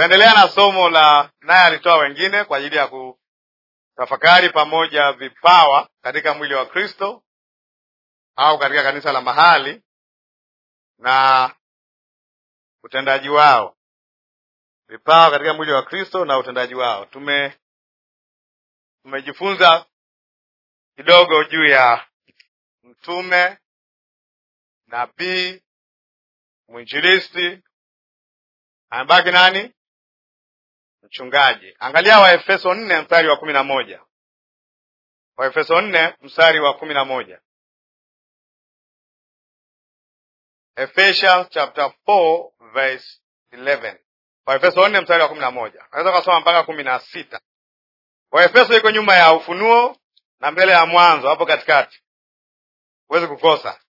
Tunaendelea na somo la naye alitoa wengine kwa ajili ya kutafakari pamoja vipawa katika mwili wa Kristo au katika kanisa la mahali na utendaji wao, vipawa katika mwili wa Kristo na utendaji wao. Tume tumejifunza kidogo juu ya mtume, nabii, mwinjilisti, amebaki nani? mchungaji. Angalia Waefeso nne mstari wa kumi na moja. Waefeso nne mstari wa kumi na moja. Ephesians chapter 4 verse 11. Waefeso nne mstari wa kumi na moja. Naweza kusoma mpaka kumi na sita. Waefeso iko nyuma ya Ufunuo na mbele ya Mwanzo, hapo katikati, huwezi kukosa.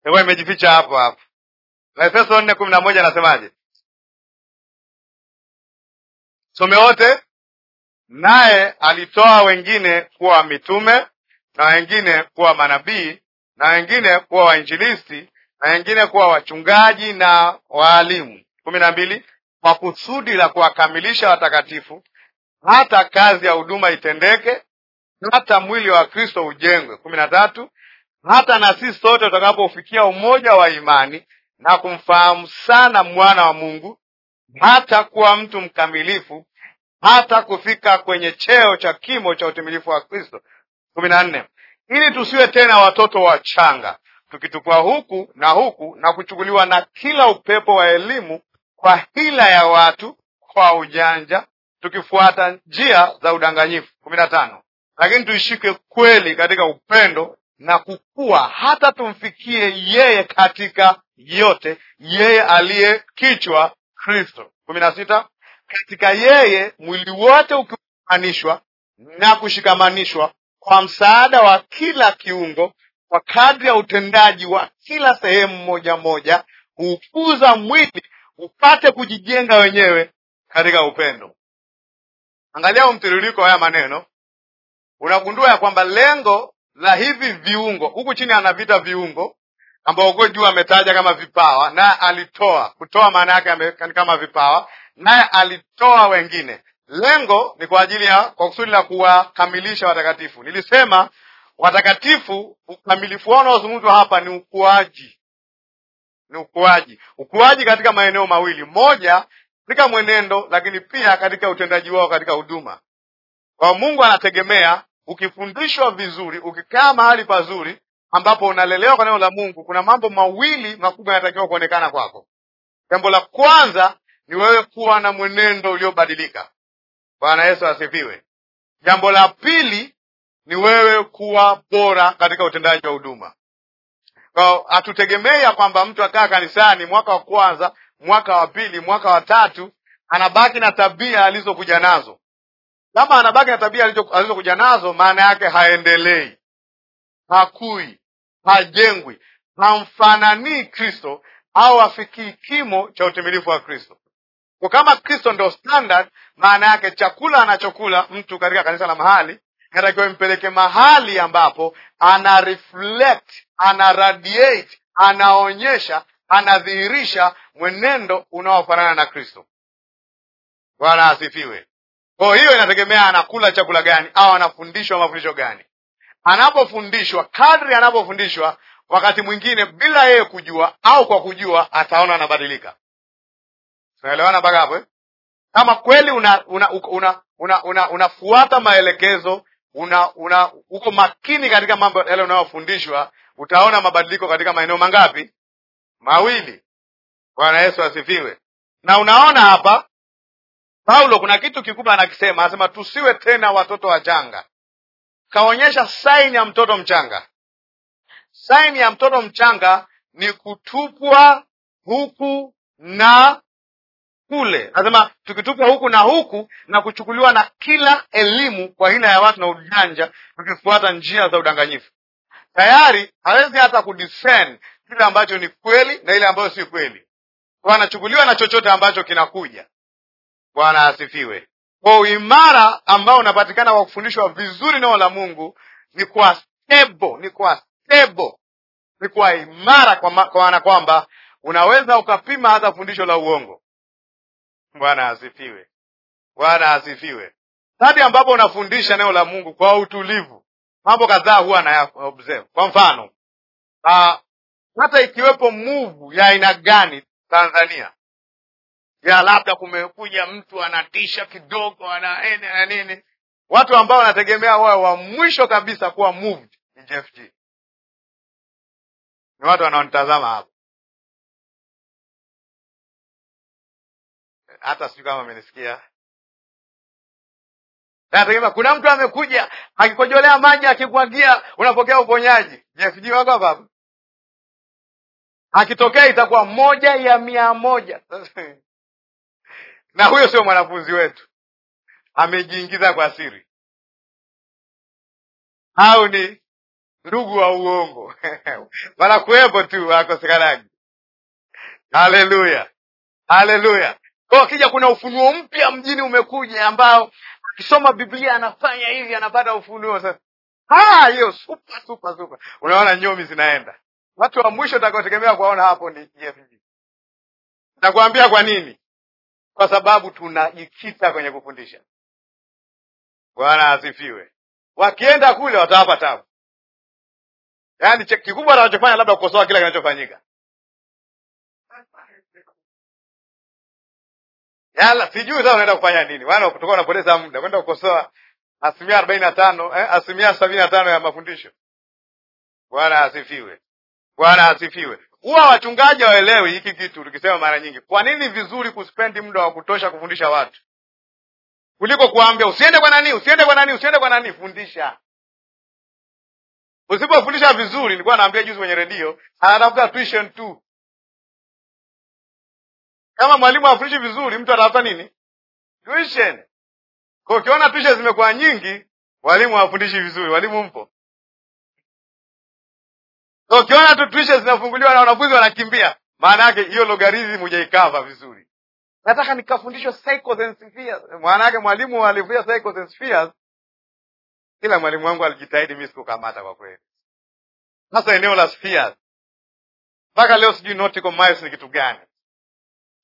Itakuwa imejificha hapo hapo. Waefeso nne kumi na moja anasemaje? some wote. Naye alitoa wengine kuwa mitume na wengine kuwa manabii na wengine kuwa wainjilisti na wengine kuwa wachungaji na waalimu. kumi na mbili, kwa kusudi la kuwakamilisha watakatifu hata kazi ya huduma itendeke, hata mwili wa Kristo ujengwe. kumi na tatu, hata na sisi sote tutakapofikia umoja wa imani na kumfahamu sana mwana wa Mungu, hata kuwa mtu mkamilifu hata kufika kwenye cheo cha kimo cha utimilifu wa Kristo. kumi na nne ili tusiwe tena watoto wachanga tukitukua huku na huku na kuchukuliwa na kila upepo wa elimu kwa hila ya watu, kwa ujanja, tukifuata njia za udanganyifu. kumi na tano lakini tuishike kweli katika upendo na kukua hata tumfikie yeye katika yote, yeye aliye kichwa Kristo. kumi na sita katika yeye mwili wote ukiunganishwa na kushikamanishwa kwa msaada wa kila kiungo, kwa kadri ya utendaji wa kila sehemu moja moja, hukuza mwili upate kujijenga wenyewe katika upendo. Angalia huu mtiririko haya maneno, unagundua ya kwamba lengo la hivi viungo, huku chini anavita viungo ambao huko juu ametaja kama vipawa, na alitoa kutoa, maana yake kama vipawa naye alitoa wengine. Lengo ni kwa ajili ya kwa kusudi la kuwakamilisha watakatifu. Nilisema watakatifu, ukamilifu wao unaozungumzwa hapa ni ukuaji, ni ukuaji, ukuaji katika maeneo mawili, moja katika mwenendo, lakini pia katika utendaji wao katika huduma kwa Mungu. Anategemea ukifundishwa vizuri, ukikaa mahali pazuri ambapo unalelewa kwa neno la Mungu, kuna mambo mawili makubwa yanatakiwa kuonekana kwako. Jambo la kwanza ni wewe kuwa na mwenendo uliobadilika. Bwana Yesu asifiwe. Jambo la pili ni wewe kuwa bora katika utendaji wa huduma. Hatutegemei ya kwamba mtu akaa kanisani mwaka wa kwanza, mwaka wa pili, mwaka wa tatu anabaki na tabia alizokuja nazo. Kama anabaki na tabia alizokuja nazo, maana yake haendelei, hakui, hajengwi, hamfananii Kristo au afikii kimo cha utimilifu wa Kristo. Kwa kama Kristo ndio standard, maana yake chakula anachokula mtu katika kanisa la mahali inatakiwa impeleke mahali ambapo ana reflect, ana radiate, anaonyesha, anadhihirisha mwenendo unaofanana na Kristo. Bwana asifiwe. Kwa hiyo inategemea anakula chakula gani au anafundishwa mafundisho gani. Anapofundishwa, kadri anapofundishwa, wakati mwingine bila yeye kujua au kwa kujua, ataona anabadilika tunaelewana mpaka hapo eh? kama kweli unafuata una, una, una, una, una maelekezo una, una uko makini katika mambo yale unayofundishwa utaona mabadiliko katika maeneo mangapi? Mawili. Bwana Yesu asifiwe. Na unaona hapa Paulo kuna kitu kikubwa anakisema, anasema tusiwe tena watoto wachanga. Kaonyesha saini ya mtoto mchanga. Saini ya mtoto mchanga ni kutupwa huku na kule, anasema tukitupwa huku na huku na kuchukuliwa na kila elimu kwa hila ya watu na ujanja, tukifuata njia za udanganyifu. Tayari hawezi hata kudiscern kile ambacho ni kweli na ile ambayo si kweli, anachukuliwa na chochote ambacho kinakuja. Bwana asifiwe. Kwa uimara ambao unapatikana kwa kufundishwa vizuri neno la Mungu ni kwa stable, ni kwa stable, ni kwa imara, kwa maana kwamba unaweza ukapima hata fundisho la uongo Bwana asifiwe, Bwana asifiwe. Hadi ambapo unafundisha neno la Mungu kwa utulivu, mambo kadhaa huwa na observe. Kwa mfano uh, hata ikiwepo muvu ya aina gani Tanzania ya labda kumekuja mtu anatisha kidogo, ana nini na nini, watu ambao wanategemea wao wa mwisho kabisa kuwa moved ni Jeff G. Ni watu wanaonitazama hapa hata sijui kama amenisikia. Nategemea kuna mtu amekuja akikojolea maji akikwagia, unapokea uponyaji. Je, sijui wako hapa hapa? Akitokea itakuwa moja ya mia moja. na huyo sio mwanafunzi wetu, amejiingiza kwa siri, au ni ndugu wa uongo wanakuwepo tu, wakosekanaji. Haleluya, haleluya kwao akija kuna ufunuo mpya mjini umekuja ambao akisoma biblia anafanya hivi anapata ufunuo sasa hiyo super super super unaona nyomi zinaenda watu wa mwisho utakaotegemea kuwaona hapo ni jfg nakuambia kwa nini kwa sababu tunajikita kwenye kufundisha bwana asifiwe wakienda kule watawapa tabu yaani kikubwa anachofanya labda kukosoa kila kinachofanyika Yala sijui sasa unaenda kufanya nini? Maana kutoka unapoteza muda kwenda kukosoa asilimia arobaini na tano eh, asilimia sabini na tano ya mafundisho. Bwana asifiwe, Bwana asifiwe. Huwa wachungaji waelewi hiki kitu, tukisema mara nyingi. Kwa nini vizuri kuspendi muda wa kutosha kufundisha watu kuliko kuambia usiende kwa nani, usiende kwa nani, usiende kwa nani? Fundisha. Usipofundisha vizuri, nilikuwa naambia juzi kwenye redio, anatafuta tuition tu kama mwalimu afundishi vizuri, mtu atafuta nini? Tuition. Kwa ukiona tuition zimekuwa nyingi, walimu hawafundishi vizuri. Walimu mpo? Kwa ukiona tu tuition zinafunguliwa na wanafunzi wanakimbia, maana yake hiyo logarithm hujaikava vizuri. Nataka nikafundishwe cycles and spheres. Maana yake mwalimu alifunza cycles and spheres. Kila mwalimu wangu alijitahidi, mimi sikukamata kwa kweli. Sasa eneo la spheres mpaka leo sijui nautical miles ni kitu gani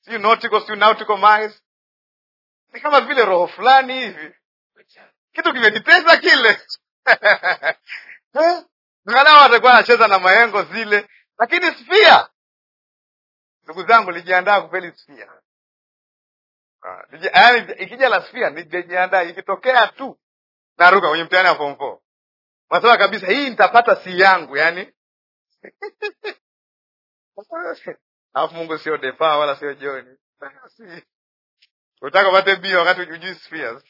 siu notiko siu nautical miles ni kama vile roho fulani hivi kitu kimejitesa kile eh? angalau atakuwa anacheza na maengo zile lakini spia ndugu zangu lijiandaa kupeli sfia ah, yaani ikija la sfia nijiandaa ikitokea tu naruka kwenye mtihani wa form four kabisa hii nitapata si yangu yani alafu Mungu sio depa wala sio Joni. Utaka upate bia wakati hujui spheres.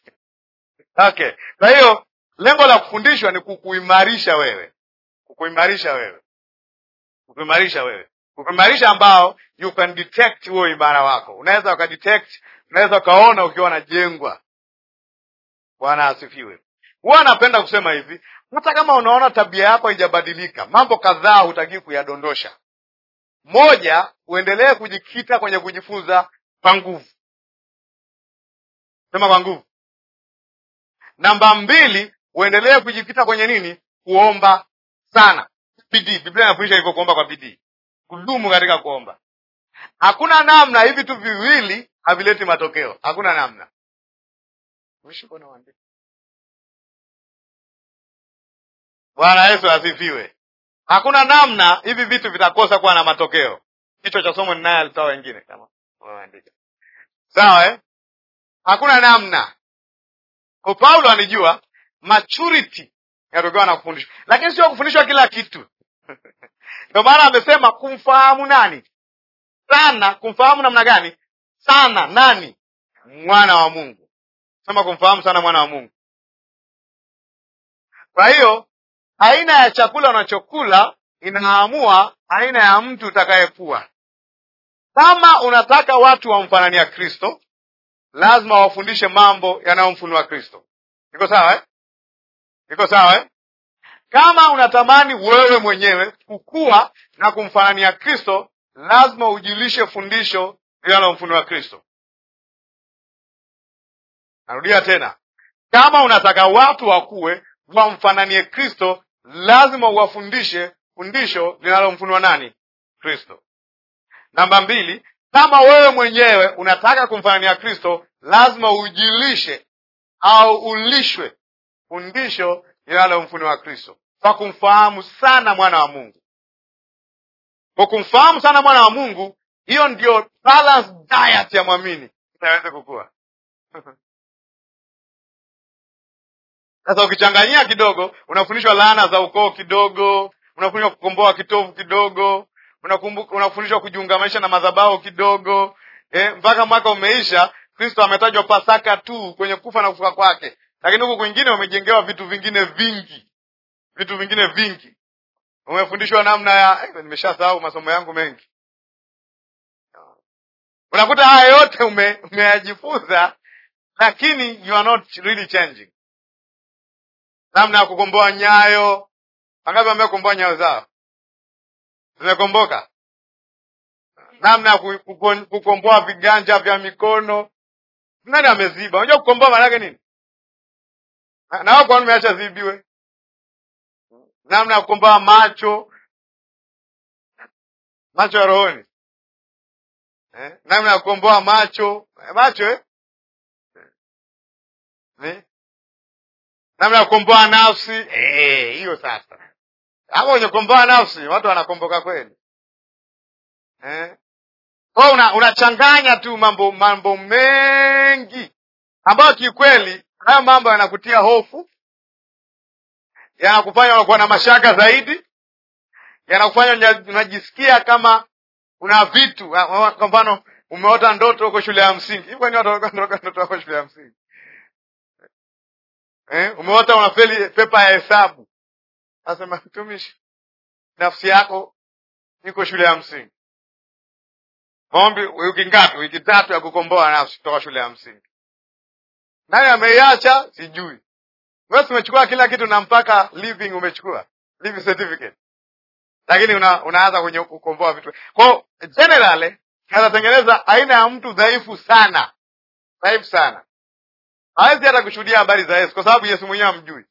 Okay. Kwa hiyo lengo la kufundishwa ni kukuimarisha wewe, kukuimarisha wewe, kukuimarisha wewe, kukuimarisha ambao you can detect huo imara wako. Unaweza ukadetect, unaweza ukaona ukiwa unajengwa. Bwana asifiwe. Huwa anapenda kusema hivi, hata kama unaona tabia yako haijabadilika, mambo kadhaa hutaki kuyadondosha moja, uendelee kujikita kwenye kujifunza kwa nguvu, sema kwa nguvu. Namba mbili, uendelee kujikita kwenye nini? Kuomba sana, bidii. Biblia inafundisha hivyo, kuomba kwa bidii, kudumu katika kuomba. Hakuna namna, hivi tu viwili havileti matokeo. Hakuna namna Bwana Yesu asifiwe. Hakuna namna hivi vitu vitakosa kuwa na matokeo. Kichwa cha somo ninaye alitoa wengine kama waandika Sawa eh? Hakuna namna. Kwa Paulo anijua maturity inatokana na kufundishwa. Lakini sio kufundishwa kila kitu. Ndio maana amesema kumfahamu nani? Sana kumfahamu namna gani? Sana nani? Mwana wa Mungu. Sema kumfahamu sana mwana wa Mungu. Kwa hiyo aina ya chakula unachokula inaamua aina ya mtu utakayekuwa. Kama unataka watu wamfanania Kristo, lazima wafundishe mambo yanayomfunua Kristo. Iko sawa eh? Iko sawa eh? Kama unatamani wewe mwenyewe kukua na kumfanania Kristo, lazima ujilishe fundisho linalomfunua Kristo. Narudia tena, kama unataka watu wakuwe wamfananie Kristo, lazima uwafundishe fundisho linalomfunua nani? Kristo. Namba mbili, kama wewe mwenyewe unataka kumfanania Kristo, lazima ujilishe au ulishwe fundisho linalomfunua Kristo kwa kumfahamu sana mwana wa Mungu. Kwa kumfahamu sana mwana wa Mungu, hiyo ndio diet ya mwamini itaweze kukua Sasa ukichanganyia kidogo, unafundishwa laana za ukoo kidogo, unafundishwa kukomboa kitovu kidogo, unafundishwa kujiungamanisha na madhabahu kidogo. E, mpaka mwaka umeisha, Kristo ametajwa Pasaka tu kwenye kufa na kufuka kwake, lakini huku kwingine umejengewa vitu vingine vingi, vitu vingine vingi. Umefundishwa namna ya eh, nimeshasahau masomo yangu mengi. Unakuta haya yote ume, umeyajifunza, lakini you are not really changing namna ya kukomboa nyayo. Wangapi wamekomboa nyayo zao? Zimekomboka? namna ya kukomboa viganja vya mikono. Nani ameziba? Unajua kukomboa maana yake nini? Na wao kwani zibiwe? Namna ya kukomboa macho, macho ya rohoni eh? namna ya kukomboa macho eh, macho Eh? eh namna ya kukomboa nafsi eh, eh, hiyo. E, sasa hapo kwenye kukomboa nafsi watu wanakomboka kweli eh? Kwa una, unachanganya tu mambo mambo mengi ambayo kikweli hayo mambo yanakutia hofu, yanakufanya unakuwa na mashaka zaidi, yanakufanya unajisikia kama una vitu. Kwa mfano umeota ndoto huko shule ya msingi, ni watu wanaota ndoto huko shule ya msingi eh? Umeota unafeli pepa ya hesabu, asema mtumishi, nafsi yako niko shule ya msingi, maombi wiki ngapi? Wiki tatu ya kukomboa nafsi kutoka shule ya msingi. Naye ameiacha sijui. Wewe umechukua kila kitu na mpaka living umechukua living certificate, lakini una, unaanza kwenye kukomboa vitu kwao. Generally anatengeneza aina ya mtu dhaifu sana, dhaifu sana hawezi hata kushuhudia habari za Yesu kwa sababu Yesu mwenyewe amjui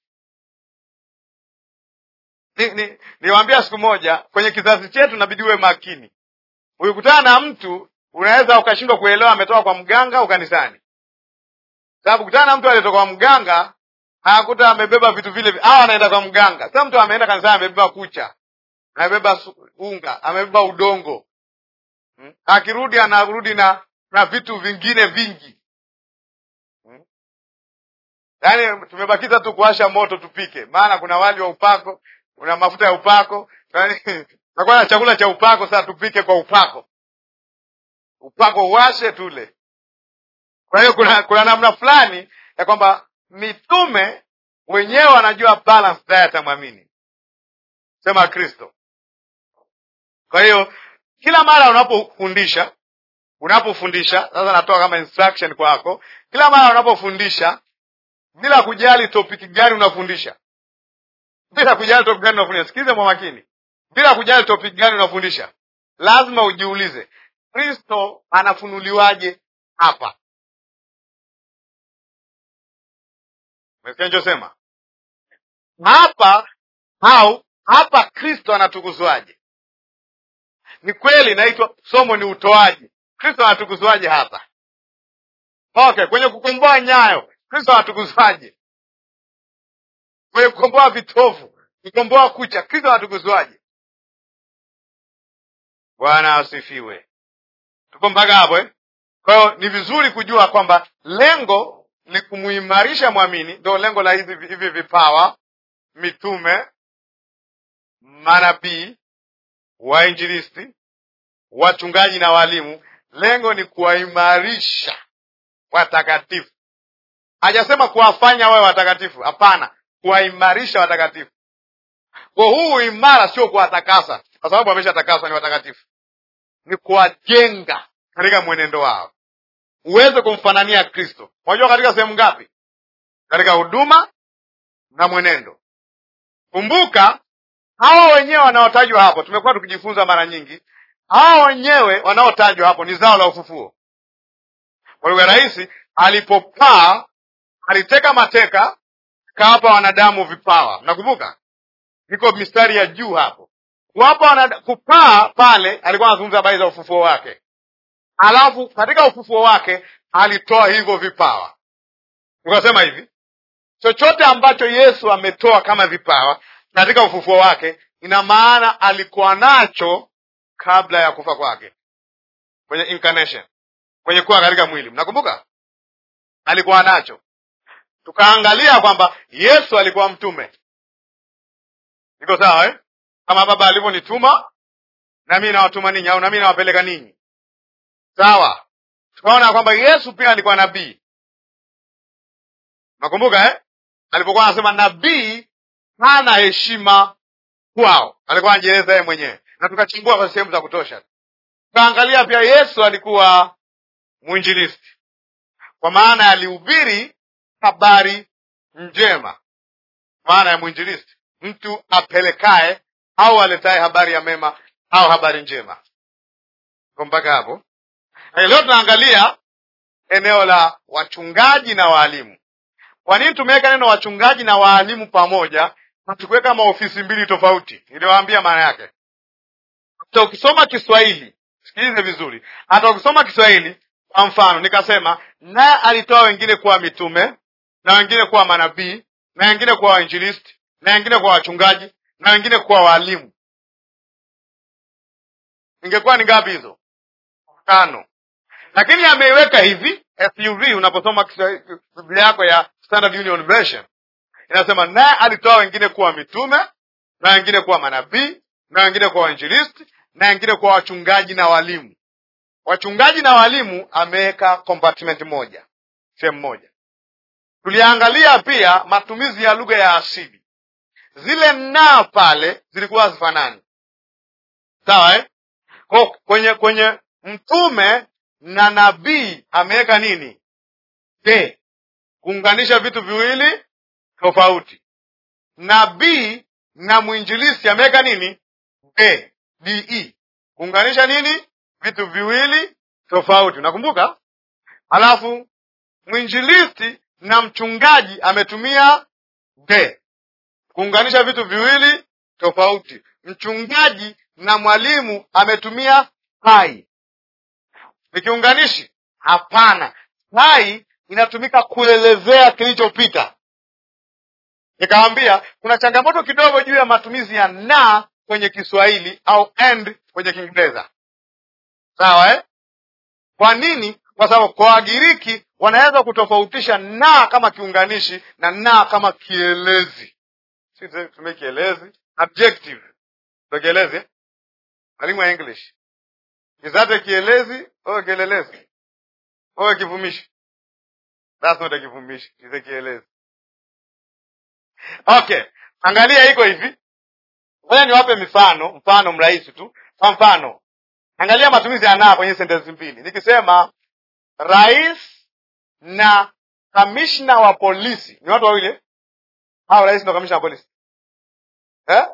Niliwaambia ni, ni siku moja, kwenye kizazi chetu nabidi uwe makini. Ukikutana na mtu unaweza ukashindwa kuelewa ametoka kwa mganga au kanisani, sababu kutana na mtu aliyetoka kwa mganga hakuta amebeba vitu vile, au anaenda kwa mganga. Sasa mtu ameenda kanisani, amebeba kucha, amebeba unga, amebeba udongo, hmm? akirudi anarudi na na vitu vingine vingi yaani tumebakiza tu kuwasha moto tupike, maana kuna wali wa upako, kuna mafuta ya upako, yaani, takuwa na chakula cha upako. Sasa tupike kwa upako, upako uwashe tule. Kwa hiyo kuna, kuna namna fulani ya kwamba mitume wenyewe wanajua balance diet ya mwamini sema Kristo. Kwa hiyo kila mara unapofundisha unapofundisha sasa, natoa kama instruction kwako, kila mara unapofundisha bila kujali topiki gani unafundisha, bila kujali topiki gani unafundisha. Sikilize kwa makini, bila kujali topiki gani unafundisha, lazima ujiulize Kristo anafunuliwaje hapa? Umesikia nichosema hapa au hapa Kristo anatukuzwaje? Ni kweli naitwa somo ni utoaji. Kristo anatukuzwaje hapa? Okay, kwenye kukomboa nyayo Kristo anatukuzwaje? Kwenye kukomboa vitovu, kukomboa kucha, Kristo anatukuzwaje? Bwana asifiwe. Tuko mpaka hapo eh? Kwa hiyo ni vizuri kujua kwamba lengo ni kumuimarisha mwamini, ndio lengo la hivi hivi vipawa, mitume, manabii, wainjilisti, wachungaji na walimu. Lengo ni kuwaimarisha watakatifu hajasema kuwafanya wawe watakatifu, hapana, kuwaimarisha watakatifu. Kwa huu uimara sio kuwatakasa, kwa sababu wameshatakaswa, ni watakatifu, ni kuwajenga katika mwenendo wao uweze kumfanania Kristo. Unajua katika sehemu ngapi? Katika huduma na mwenendo. Kumbuka hawa wenyewe wanaotajwa hapo, tumekuwa tukijifunza mara nyingi, hawa wenyewe wanaotajwa hapo ni zao la ufufuo. Kwa lugha rahisi, alipopaa aliteka mateka, kawapa wanadamu vipawa. Mnakumbuka, iko mistari ya juu hapo, kuwapa wanadamu kupaa. Pale alikuwa anazungumza habari za ufufuo wake, alafu katika ufufuo wake alitoa hivyo vipawa. Ukasema hivi, chochote ambacho Yesu ametoa kama vipawa katika ufufuo wake, ina maana alikuwa nacho kabla ya kufa kwake, kwenye incarnation, kwenye kuwa katika mwili. Mnakumbuka alikuwa nacho tukaangalia kwamba Yesu alikuwa mtume. Niko sawa eh? Kama Baba alivyonituma na mimi nawatuma ninyi, au na mimi nawapeleka ninyi, sawa. Tukaona kwamba Yesu pia alikuwa nabii. Nakumbuka eh? alipokuwa anasema nabii hana heshima kwao, alikuwa anajieleza yeye mwenyewe, na tukachimbua kwa sehemu za kutosha. Tukaangalia pia Yesu alikuwa mwinjilisti, kwa maana alihubiri habari njema. Maana ya mwinjilisti, mtu apelekaye au aletaye habari ya mema au habari njema. Ko mpaka hapo leo tunaangalia eneo la wachungaji na waalimu. Kwa nini tumeweka neno wachungaji na waalimu pamoja na tukuweka mbili tofauti? Niliwaambia maana yake. Hata ukisoma Kiswahili, sikilize vizuri, hata ukisoma Kiswahili kwa mfano nikasema, naye alitoa wengine kuwa mitume, na wengine kuwa manabii na wengine kuwa wainjilisti na wengine kuwa wachungaji na wengine kuwa waalimu. Ingekuwa ni ngapi hizo? Tano. Lakini ameiweka hivi SUV. Unaposoma Biblia yako ya Standard Union Version inasema, naye alitoa wengine kuwa mitume na wengine kuwa manabii na wengine kuwa wainjilisti na wengine kuwa wachungaji na walimu. Wachungaji na walimu ameweka compartment moja, sehemu moja. Tuliangalia pia matumizi ya lugha ya asili. Zile naa pale zilikuwa hazifanani, sawa eh? Kwa kwenye kwenye mtume na nabii ameweka nini te kuunganisha vitu viwili tofauti. Nabii na mwinjilisi ameweka nini te de kuunganisha nini vitu viwili tofauti, unakumbuka? Alafu mwinjilisti na mchungaji ametumia de kuunganisha vitu viwili tofauti. Mchungaji na mwalimu ametumia hai, kiunganishi hapana. Hai inatumika kuelezea kilichopita. Nikawambia kuna changamoto kidogo juu ya matumizi ya na kwenye Kiswahili au and kwenye Kiingereza, sawa eh? Kwa nini kwa sababu kwa Wagiriki wanaweza kutofautisha na kama kiunganishi na na kama kielezi. Si tumie kielezi objective, ndio kielezi eh? mwalimu wa English kizate kielezi au kielelezi au kivumishi? That's not a kivumishi, is a kielezi. Okay, angalia iko hivi. Ngoja niwape mifano, mfano mrahisi tu. Kwa mfano, angalia matumizi ya na kwenye sentensi mbili. Nikisema rais na kamishna wa polisi ni watu wawili hao, rais na kamishna wa polisi eh?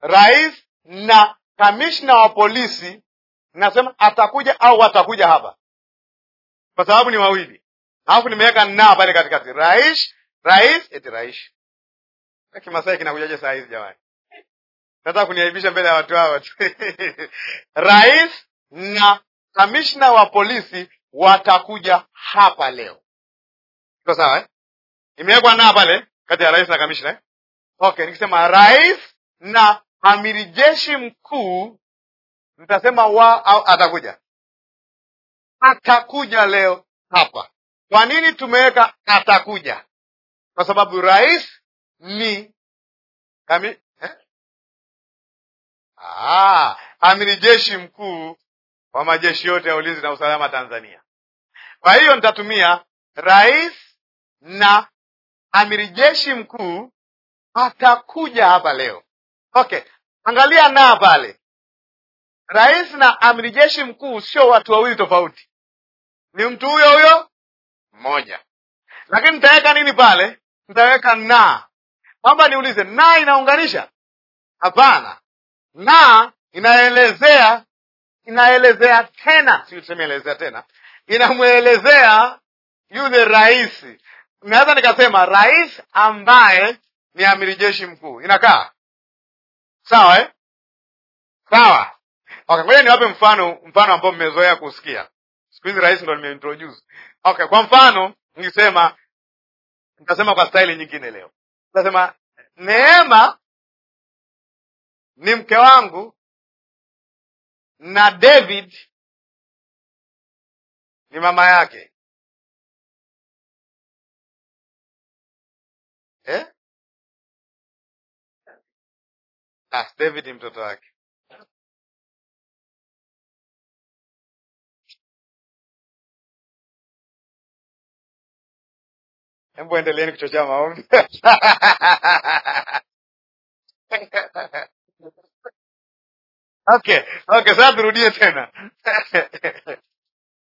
Rais na kamishna wa polisi nasema atakuja au watakuja hapa, kwa sababu ni wawili, alafu nimeweka na pale katikati, rais rais eti rais Kimasai kinakujaje saa hizi jamani? Nataka kuniaibisha mbele ya watu hawa rais na kamishna wa polisi watakuja hapa leo. Iko sawa eh? Imewekwa na pale kati ya rais na kamishna eh? Okay, nikisema rais na amiri jeshi mkuu nitasema wa au atakuja, atakuja leo hapa. Kwa nini tumeweka atakuja? Kwa sababu rais ni kami, eh? Ah, amiri jeshi mkuu wa majeshi yote ya ulinzi na usalama Tanzania. Kwa hiyo nitatumia rais na amiri jeshi mkuu atakuja hapa leo. Okay, angalia naa pale, rais na amiri jeshi mkuu sio watu wawili tofauti, ni mtu huyo huyo mmoja, lakini nitaweka nini pale? Nitaweka na kwamba niulize, na inaunganisha? Hapana, na inaelezea, inaelezea tena, si tuseme elezea tena, inamwelezea yule rais, naweza nikasema rais ambaye ni amiri jeshi mkuu. Inakaa sawa eh? Sawa, okay, ngoja niwape mfano, mfano ambao mmezoea kusikia siku hizi. Rais ndo nimeintroduce. Okay, kwa mfano nikisema, nitasema kwa staili nyingine leo, nitasema Neema ni mke wangu na David ni mama yake eh? Ah, David ni mtoto wake. Hebu endeleeni kuchochea maombi. Okay, okay, sasa turudie tena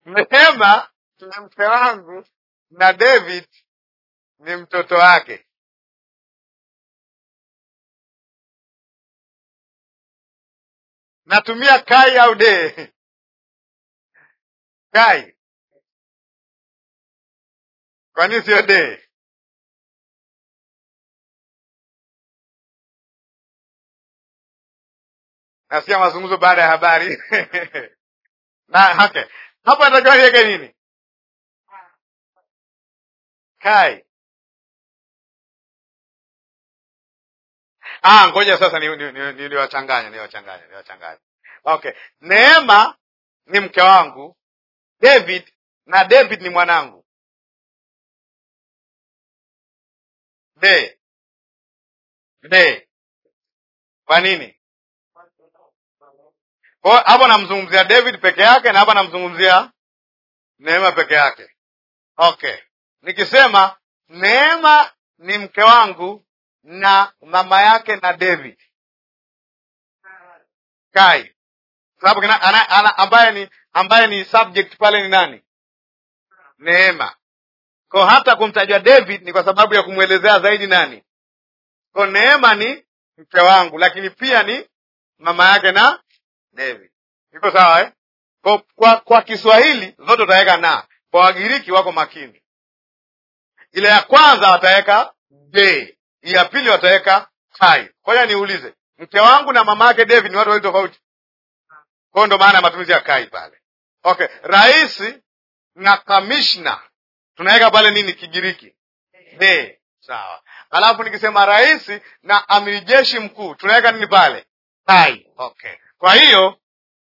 Mnasema tuna mke wangu na David ni mtoto wake. Natumia Kai au de Kai, kwani sio de? Nasikia mazungumzo baada ya habari na hake hapo natakiwa niweke nini? Kai. Ah, ngoja sasa niwachanganye, niwachanganye, niwachanganye. Okay, Neema ni mke wangu David, na David ni mwanangu de de. Kwa nini? Kwa hiyo hapa namzungumzia David peke yake na hapa namzungumzia Neema peke yake. Okay, nikisema Neema ni mke wangu na mama yake na David Kai, sababu ambaye ni ambaye ni subject pale ni nani? Neema. Kwa hata kumtajwa David ni kwa sababu ya kumwelezea zaidi nani? Kwa Neema ni mke wangu, lakini pia ni mama yake na David. Iko sawa eh? Kwa, kwa, kwa Kiswahili zote utaweka na. Kwa Wagiriki wako makini, ile ya kwanza wataweka de, ya pili wataweka tai. Ngoja niulize, mke wangu na mama yake David ni watu wawili tofauti? Kwa ndo maana ya matumizi ya kai pale. Okay, rais na kamishna tunaweka pale nini Kigiriki? De, sawa. Alafu nikisema rais na amiri jeshi mkuu tunaweka nini pale? Tai. Okay. Kwa hiyo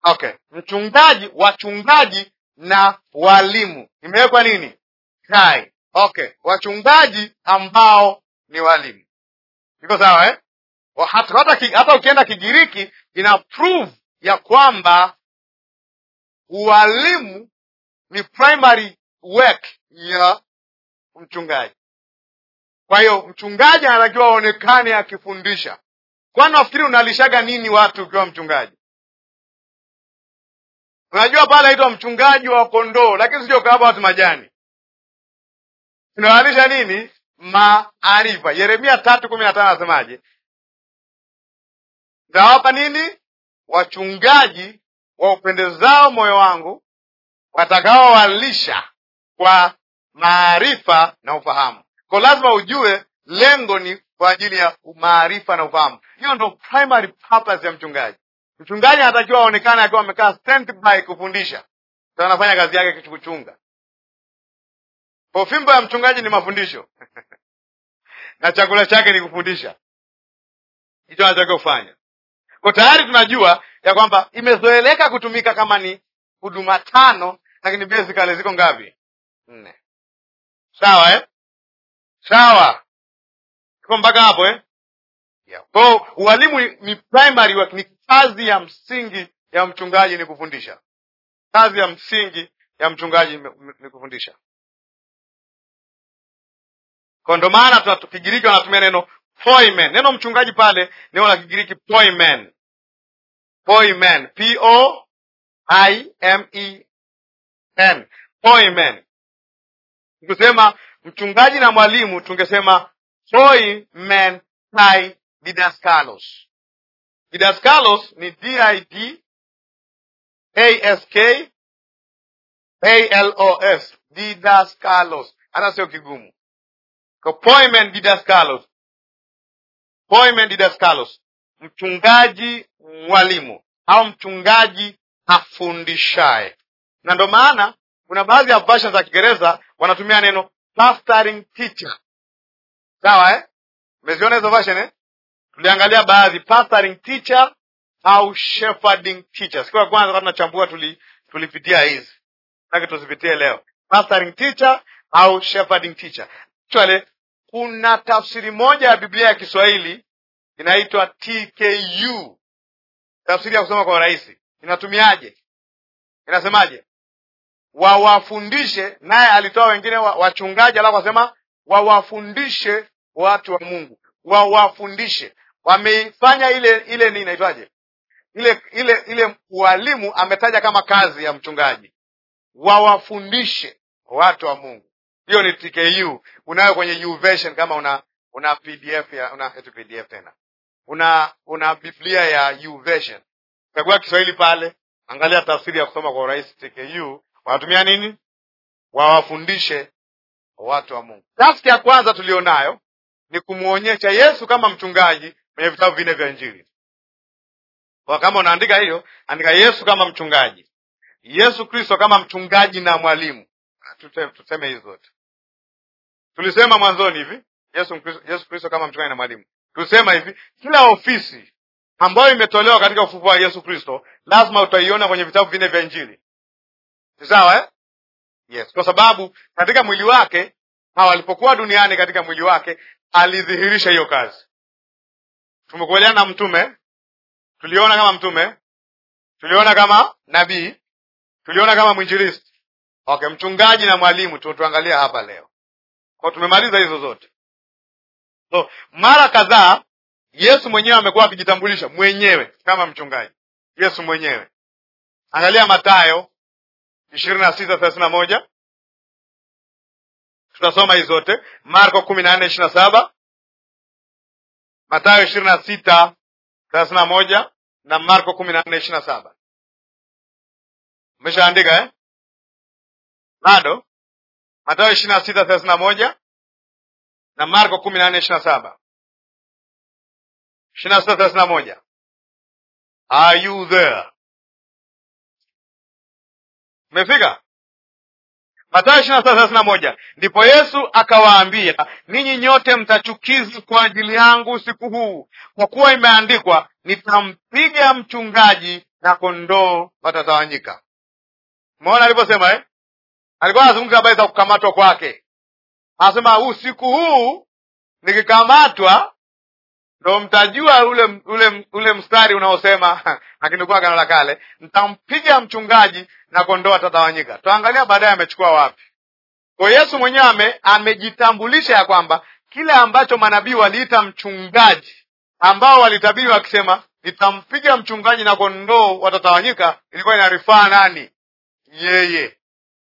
okay, mchungaji, wachungaji na walimu imewekwa nini kai? Okay, wachungaji ambao ni walimu, iko sawa eh? Hata, hata ukienda Kigiriki ina prove ya kwamba ualimu ni primary work ya mchungaji. Kwa hiyo mchungaji anatakiwa aonekane akifundisha, Kwani nafikiri unalishaga nini watu ukiwa mchungaji? Unajua pale aitwa mchungaji wa kondoo, lakini sio ukawapa watu majani. Unawalisha nini? Maarifa. Yeremia tatu kumi na tano anasemaje? Ntawapa nini? Wachungaji wa upendezao moyo wangu, watakaowalisha kwa maarifa na ufahamu. Kwa lazima ujue lengo ni kwa ajili ya maarifa na ufahamu. Hiyo ndo primary purpose ya mchungaji. Mchungaji anatakiwa aonekane akiwa amekaa standby kufundisha, sasa anafanya kazi yake kuchunga. Kwa fimbo ya mchungaji ni mafundisho na chakula chake ni kufundisha. Hicho anatakiwa kufanya. Kwa tayari tunajua ya kwamba imezoeleka kutumika kama ni huduma tano, lakini basically ziko ngapi? Nne. Sawa eh? Sawa tuko mpaka hapo eh? yeah. Kwao ualimu ni primary work, ni kazi ya msingi ya mchungaji ni kufundisha. Kazi ya msingi ya mchungaji ni kufundisha. Kwa ndo maana Kigiriki wanatumia neno poimen. Neno mchungaji pale neno la Kigiriki poimen, poimen, p o i m e n, poimen. Nikusema mchungaji na mwalimu, tungesema Soy tai didaskalos. Didaskalos ni D-I-D A-S-K A-L-O-S didaskalos. Hata sio kigumu. Poimen didaskalos. Poimen didaskalos. Mchungaji mwalimu au mchungaji afundishaye. Na ndo maana kuna baadhi ya versions za Kiingereza wanatumia neno pastoring teacher Sawa eh? Umeziona hizo version eh? Tuliangalia baadhi, pastoring teacher au shepherding teacher. Siku ya kwanza tunachambua tuli tulipitia hizi. Nataka tuzipitie leo. Pastoring teacher au shepherding teacher. Actually kuna tafsiri moja ya Biblia ya Kiswahili inaitwa TKU. Tafsiri ya kusoma kwa urahisi. Inatumiaje? Inasemaje? Wawafundishe, naye alitoa wengine wachungaji, alafu akasema wawafundishe watu wa Mungu wawafundishe. Wameifanya ile ile, nini inaitwaje ile ile ile, ualimu ametaja kama kazi ya mchungaji, wawafundishe watu wa Mungu. Hiyo ni TKU, unayo kwenye YouVersion kama una una PDF ya una eti PDF tena una una Biblia ya YouVersion, chagua Kiswahili pale, angalia tafsiri ya kusoma kwa urahisi. TKU wanatumia nini? Wawafundishe watu wa Mungu. Task ya kwanza tulionayo ni kumwonyesha Yesu kama mchungaji kwenye vitabu vinne vya Injili. Kwa kama unaandika hiyo, andika Yesu kama mchungaji, Yesu Kristo kama mchungaji na mwalimu. Tuseme hizo zote tulisema mwanzoni hivi, Yesu Yesu Kristo kama mchungaji na mwalimu. Tulisema hivi, kila ofisi ambayo imetolewa katika ufufuo wa Yesu Kristo lazima utaiona kwenye vitabu vinne vya Injili, ni sawa eh? Yes, kwa sababu katika mwili wake hawa alipokuwa duniani katika mwili wake alidhihirisha hiyo kazi. Tumekubaliana na mtume, tuliona kama mtume, tuliona kama nabii, tuliona kama mwinjilisti. Okay, mchungaji na mwalimu tutuangalia hapa leo, kwa tumemaliza hizo zote. So mara kadhaa Yesu mwenyewe amekuwa akijitambulisha mwenyewe kama mchungaji. Yesu mwenyewe, angalia Mathayo 26:31 tutasoma hizo zote Marko kumi na nne ishirini na saba matayo ishirini na sita thelathini na moja na Marko kumi na nne ishirini na saba Umeshaandika eh? Bado Mathayo ishirini na sita thelathini na moja na Marko kumi na nne ishirini na saba ishirini na sita thelathini na moja Are you there? Umefika? Mathayo ishirini na saba thelathini na moja ndipo Yesu akawaambia, ninyi nyote mtachukizwa kwa ajili yangu usiku huu, kwa kuwa imeandikwa, nitampiga mchungaji na kondoo watatawanyika. mona aliposema eh? alikuwa anazungumza habari za kukamatwa kwake, anasema usiku huu nikikamatwa ndo mtajua ule ule ule mstari unaosema akinukua gano la Kale, ntampiga mchungaji na kondoo atatawanyika. Tuangalia baadaye amechukua wapi. Kwa Yesu mwenyewe ame, amejitambulisha ya kwamba kile ambacho manabii waliita mchungaji, ambao walitabiri wakisema nitampiga mchungaji na kondoo watatawanyika, ilikuwa inarifaa nani? Yeye,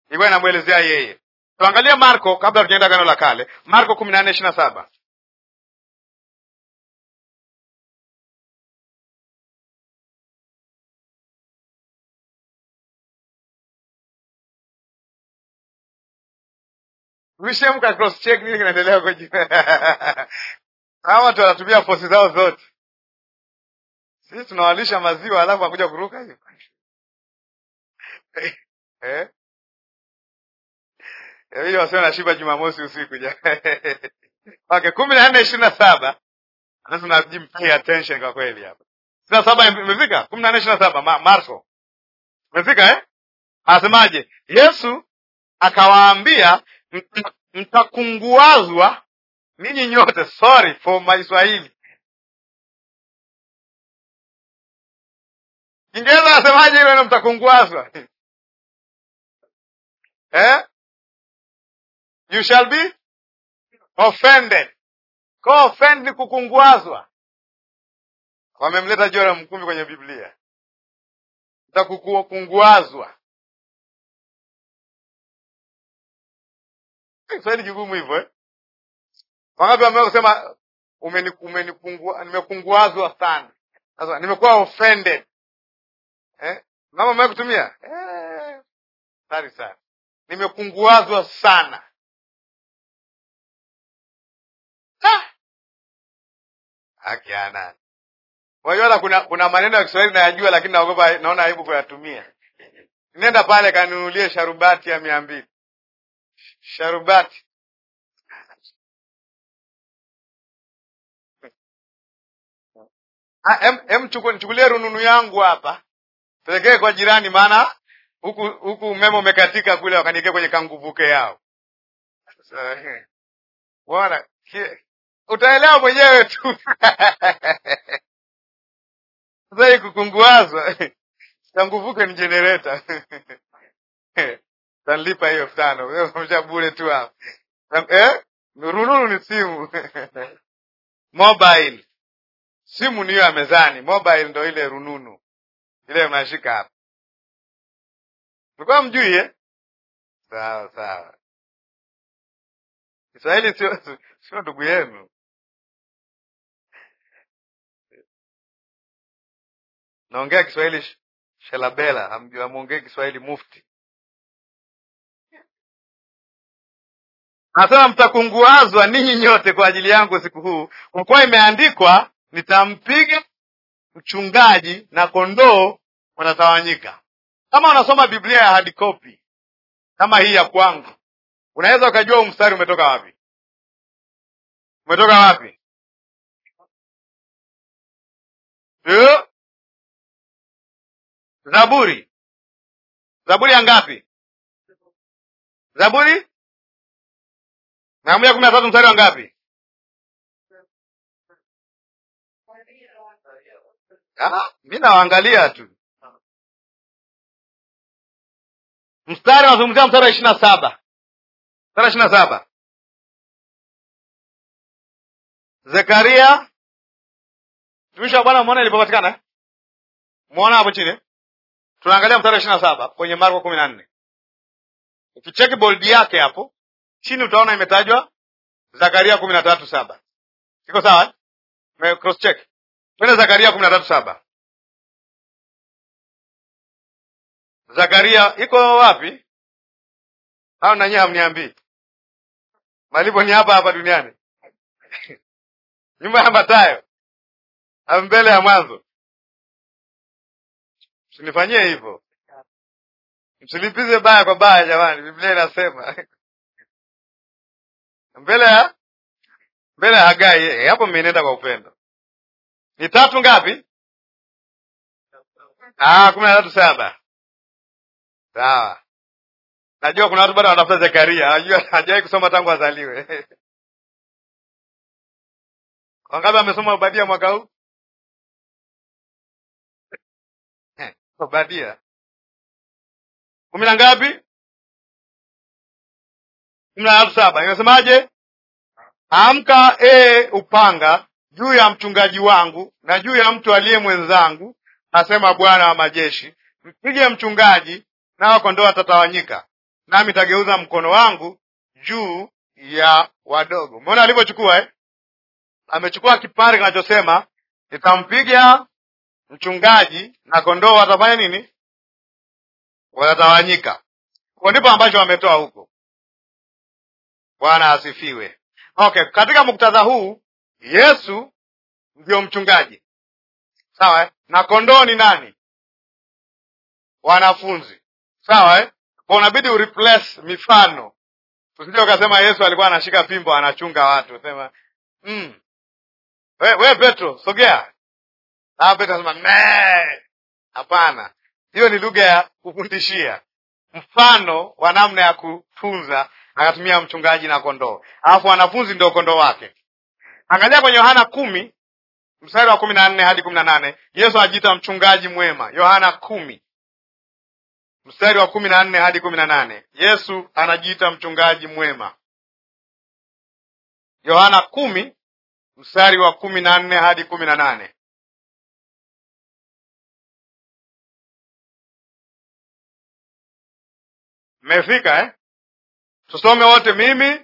ilikuwa inamwelezea yeye. Tuangalie Marko kabla tujaenda gano la Kale, Marko kumi na nne ishirini na saba. Ulishamka cross check nini kinaendelea kwa jina. Hawa watu wanatumia force zao zote. Sisi tunawalisha maziwa alafu akuja kuruka hiyo. Eh? eh Ili wasio nashiba Jumamosi usiku ja. Okay, kumi na nne ishirini na saba sasa naji pay attention kwa kweli hapa. Ishirini na saba imefika? kumi na nne ishirini na saba Marko imefika eh? Anasemaje? Yesu akawaambia mtakunguazwa ninyi nyote. Sorry for my Swahili. Kiingereza asemaje ile neno mtakunguazwa? Eh? You shall be offended. Ko offend ni kukunguazwa. Wamemleta Joram mkumbi kwenye Biblia. Mtakukukunguazwa. Kiswahili kigumu hivyo eh? Wangapi wamewahi kusema umenipungua, nimepunguazwa sana, sasa nimekuwa offended eh? Mama amewahi kutumia eh, sari sana, nimepunguazwa sana haki ya nani? Unajua hata kuna, kuna maneno ya Kiswahili nayajua, lakini naogopa, naona aibu kuyatumia. Nenda pale kanunulie sharubati ya mia mbili sharubati hem, rununu yangu hapa pelekee kwa jirani, maana huku huku umeme umekatika kule, wakaniekea kwenye kanguvuke yao. Bwana utaelewa mwenyewe tu sasa. Kukunguazwa kanguvuke ni jenereta tanlipa hiyo elfu tano mesha bure tu hapo eh? rununu ni simu mobile simu niyo ya mezani, mobile ndo ile rununu ile mnashika hapa. Mlikuwa mjui eh? Sawa sawa, Kiswahili sio sio ndugu yenu. Naongea Kiswahili shelabela, hamjua hamuongei Kiswahili mufti Anasema mtakunguazwa ninyi nyote kwa ajili yangu usiku huu, kwa kuwa imeandikwa, nitampiga mchungaji na kondoo watatawanyika. Kama unasoma Biblia ya hard copy kama hii ya kwangu, unaweza ukajua huu mstari umetoka wapi, umetoka wapi? Yo? Zaburi, Zaburi ya ngapi? Zaburi Nehemia kumi na tatu mstari wa ngapi? Ah, Mi nawaangalia tu mstari, nazungumzia mstari wa ishirini na saba mstari wa ishirini na saba Zekaria mtumishi wa Bwana, umeona ilipopatikana, muona hapo chini. Tunaangalia mstari wa ishirini na saba kwenye Marko kumi na nne ukicheki boldi yake hapo chini utaona imetajwa Zakaria kumi na tatu saba. Iko sawa? Cross check. Twende Zakaria kumi na tatu saba. Zakaria iko wapi? Hao nanyi hamniambii. Malipo ni hapa hapa duniani. Nyumba ya Matayo mbele ya mwanzo. sinifanyie hivyo, msilipize baya kwa baya. Jamani, Biblia inasema mbele ya mbele ya Hagai. Eh, eh, hapo mmenenda kwa upendo. Ni tatu ngapi? Ah, kumi na tatu saba. Sawa, najua kuna watu bado wanatafuta Zekaria, hajawahi kusoma tangu azaliwe. Wangapi amesoma Obadia mwaka huu? Obadia kumi na ngapi? kumi na tatu saba inasemaje? Amka e upanga juu ya mchungaji wangu na juu ya mtu aliye mwenzangu, asema Bwana wa majeshi, mpige mchungaji, na kondoo watatawanyika, nami tageuza mkono wangu juu ya wadogo. Umeona alivyochukua eh? Amechukua kipande kinachosema nitampiga mchungaji na kondoo watafanya nini? Watatawanyika. Kwa ndipo ambacho wametoa huko Bwana asifiwe. Okay, katika muktadha huu Yesu ndio mchungaji, sawa eh? na kondoo ni nani? Wanafunzi, sawa eh? kwa unabidi ureplace mifano, usije ukasema Yesu alikuwa anashika fimbo anachunga watu, sema mm. we, we Petro sogea, na Petro sema nee, hapana. Hiyo ni lugha ya kufundishia, mfano wa namna ya kutunza akatumia mchungaji na kondoo, alafu wanafunzi ndio kondoo wake. Angalia kwenye Yohana kumi mstari wa kumi na nne hadi kumi na nane Yesu anajiita mchungaji mwema. Yohana kumi mstari wa kumi na nne hadi kumi na nane Yesu anajiita mchungaji mwema. Yohana kumi mstari wa kumi na nne hadi kumi na nane Mmefika eh? Tusome wote, mimi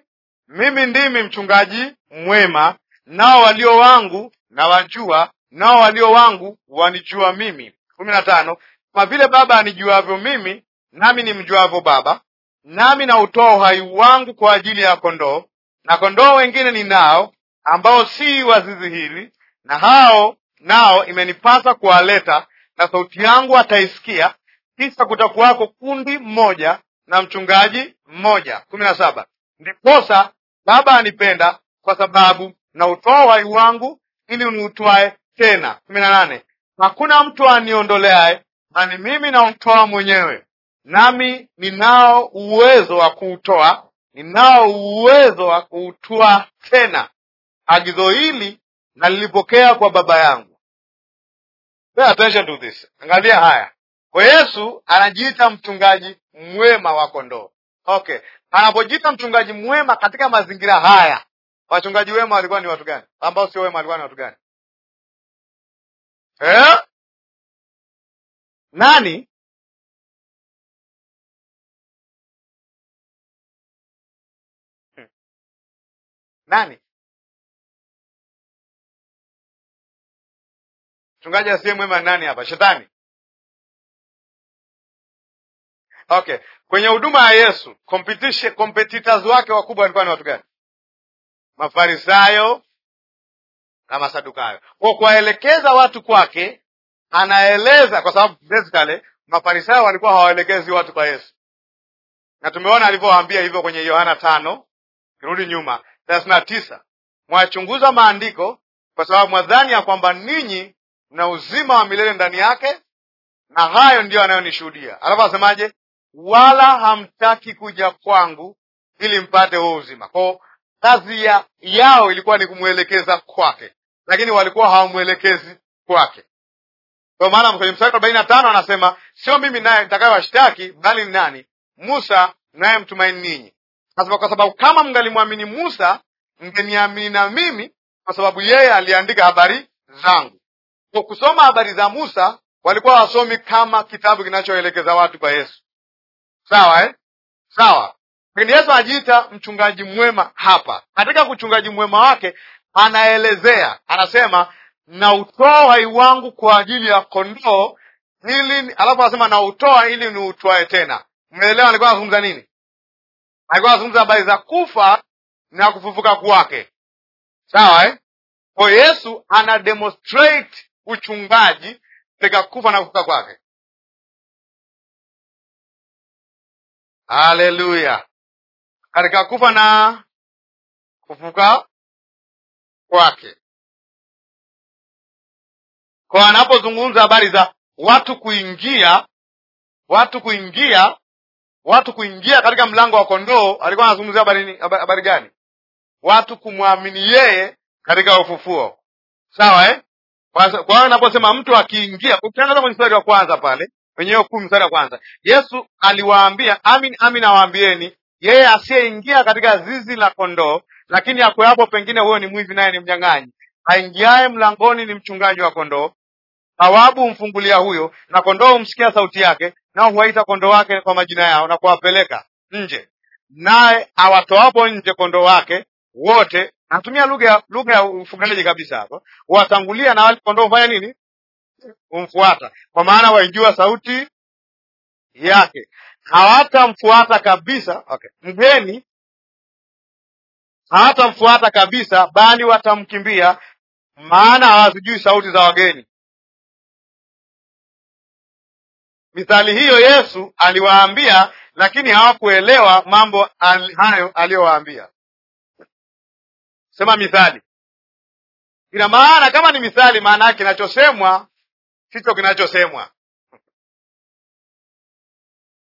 mimi ndimi mchungaji mwema, nao walio wangu na wajua, nao walio wangu wanijua mimi. kumi na tano kama vile Baba anijuavyo mimi, nami nimjuavyo Baba, nami nautoa uhai wangu kwa ajili ya kondoo. Na kondoo wengine ninao, ambao si wa zizi hili, na hao nao imenipasa kuwaleta, na sauti yangu ataisikia. Kisha kutakuwako kundi moja na mchungaji mmoja. kumi na saba ndiposa Baba anipenda kwa sababu nautoa uhai wangu ili uniutwae tena. kumi na nane hakuna mtu aniondoleaye, bali mimi nautoa mwenyewe, nami ninao uwezo wa kuutoa, ninao uwezo wa kuutoa tena. Agizo hili nalilipokea kwa Baba yangu. Pay attention to this. Angalia haya kwa Yesu anajiita mchungaji mwema wa kondoo. Okay, anapojiita mchungaji mwema katika mazingira haya, wachungaji wema walikuwa ni watu gani? Ambao sio wema walikuwa ni watu gani eh? Nani? Hmm. Nani? Mchungaji asiye mwema nani hapa? Shetani. Okay, kwenye huduma ya Yesu competitors wake wakubwa walikuwa ni watu gani? Mafarisayo na Masadukayo. Kwa kuwaelekeza watu kwake, anaeleza kwa sababu basically Mafarisayo walikuwa hawaelekezi watu kwa Yesu, na tumeona alivyowaambia hivyo kwenye Yohana tano, kirudi nyuma thelathini na tisa, mwachunguza maandiko kwa sababu mwadhani ya kwamba ninyi mna uzima wa milele ndani yake, na hayo ndiyo anayonishuhudia. Alafu asemaje? wala hamtaki kuja kwangu ili mpate huo uzima. Kwa kazi ya yao ilikuwa ni kumwelekeza kwake, lakini walikuwa hawamwelekezi kwake. Kwa maana kwenye mstari arobaini na tano anasema sio mimi naye nitakayewashtaki, bali ni nani? Musa naye mtumaini ninyi. Anasema kwa sababu kama mngalimwamini Musa, mngeniamini na mimi, kwa sababu yeye aliandika habari zangu. Kwa kusoma habari za Musa walikuwa wasomi kama kitabu kinachoelekeza watu kwa Yesu sawa eh? Sawa. Lakini Yesu anajiita mchungaji mwema hapa. Katika kuchungaji mwema wake anaelezea, anasema nautoa uhai wangu kwa ajili ya kondoo ili, alafu anasema nautoa ili niutwae tena. Mmeelewa alikuwa anazungumza nini? Alikuwa anazungumza habari za kufa na kufufuka kwake, sawa eh? Kwa Yesu ana demonstrate uchungaji katika kufa na kufufuka kwake. Haleluya! katika kufa na kufuka kwake. Kwa anapozungumza habari za watu kuingia, watu kuingia, watu kuingia katika mlango wa kondoo, alikuwa anazungumzia habari habari gani? Watu kumwamini yeye katika ufufuo, sawa eh? Kwa hiyo anaposema mtu akiingia, ukiangalia kwenye mstari wa kwanza pale wenyewe kumi mstari wa kwanza Yesu aliwaambia, amin amin awaambieni, yeye asiyeingia katika zizi la kondoo lakini akweapo pengine, huyo ni mwizi naye ni mnyang'anyi. Aingiaye mlangoni ni mchungaji wa kondoo. Thawabu humfungulia huyo, na kondoo humsikia sauti yake, nao huwaita kondoo wake kwa majina yao na kuwapeleka nje. Naye awatoapo nje kondoo wake wote, natumia lugha lugha ya ufungaji kabisa hapo watangulia na wale kondoo hufanya nini? kumfuata, kwa maana waijua sauti yake, hawatamfuata kabisa. Okay, mgeni hawatamfuata kabisa, bali watamkimbia, maana hawazijui sauti za wageni. Mithali hiyo Yesu aliwaambia, lakini hawakuelewa mambo al, hayo aliyowaambia. Sema mithali, ina maana kama ni mithali, maana yake kinachosemwa kicho kinachosemwa.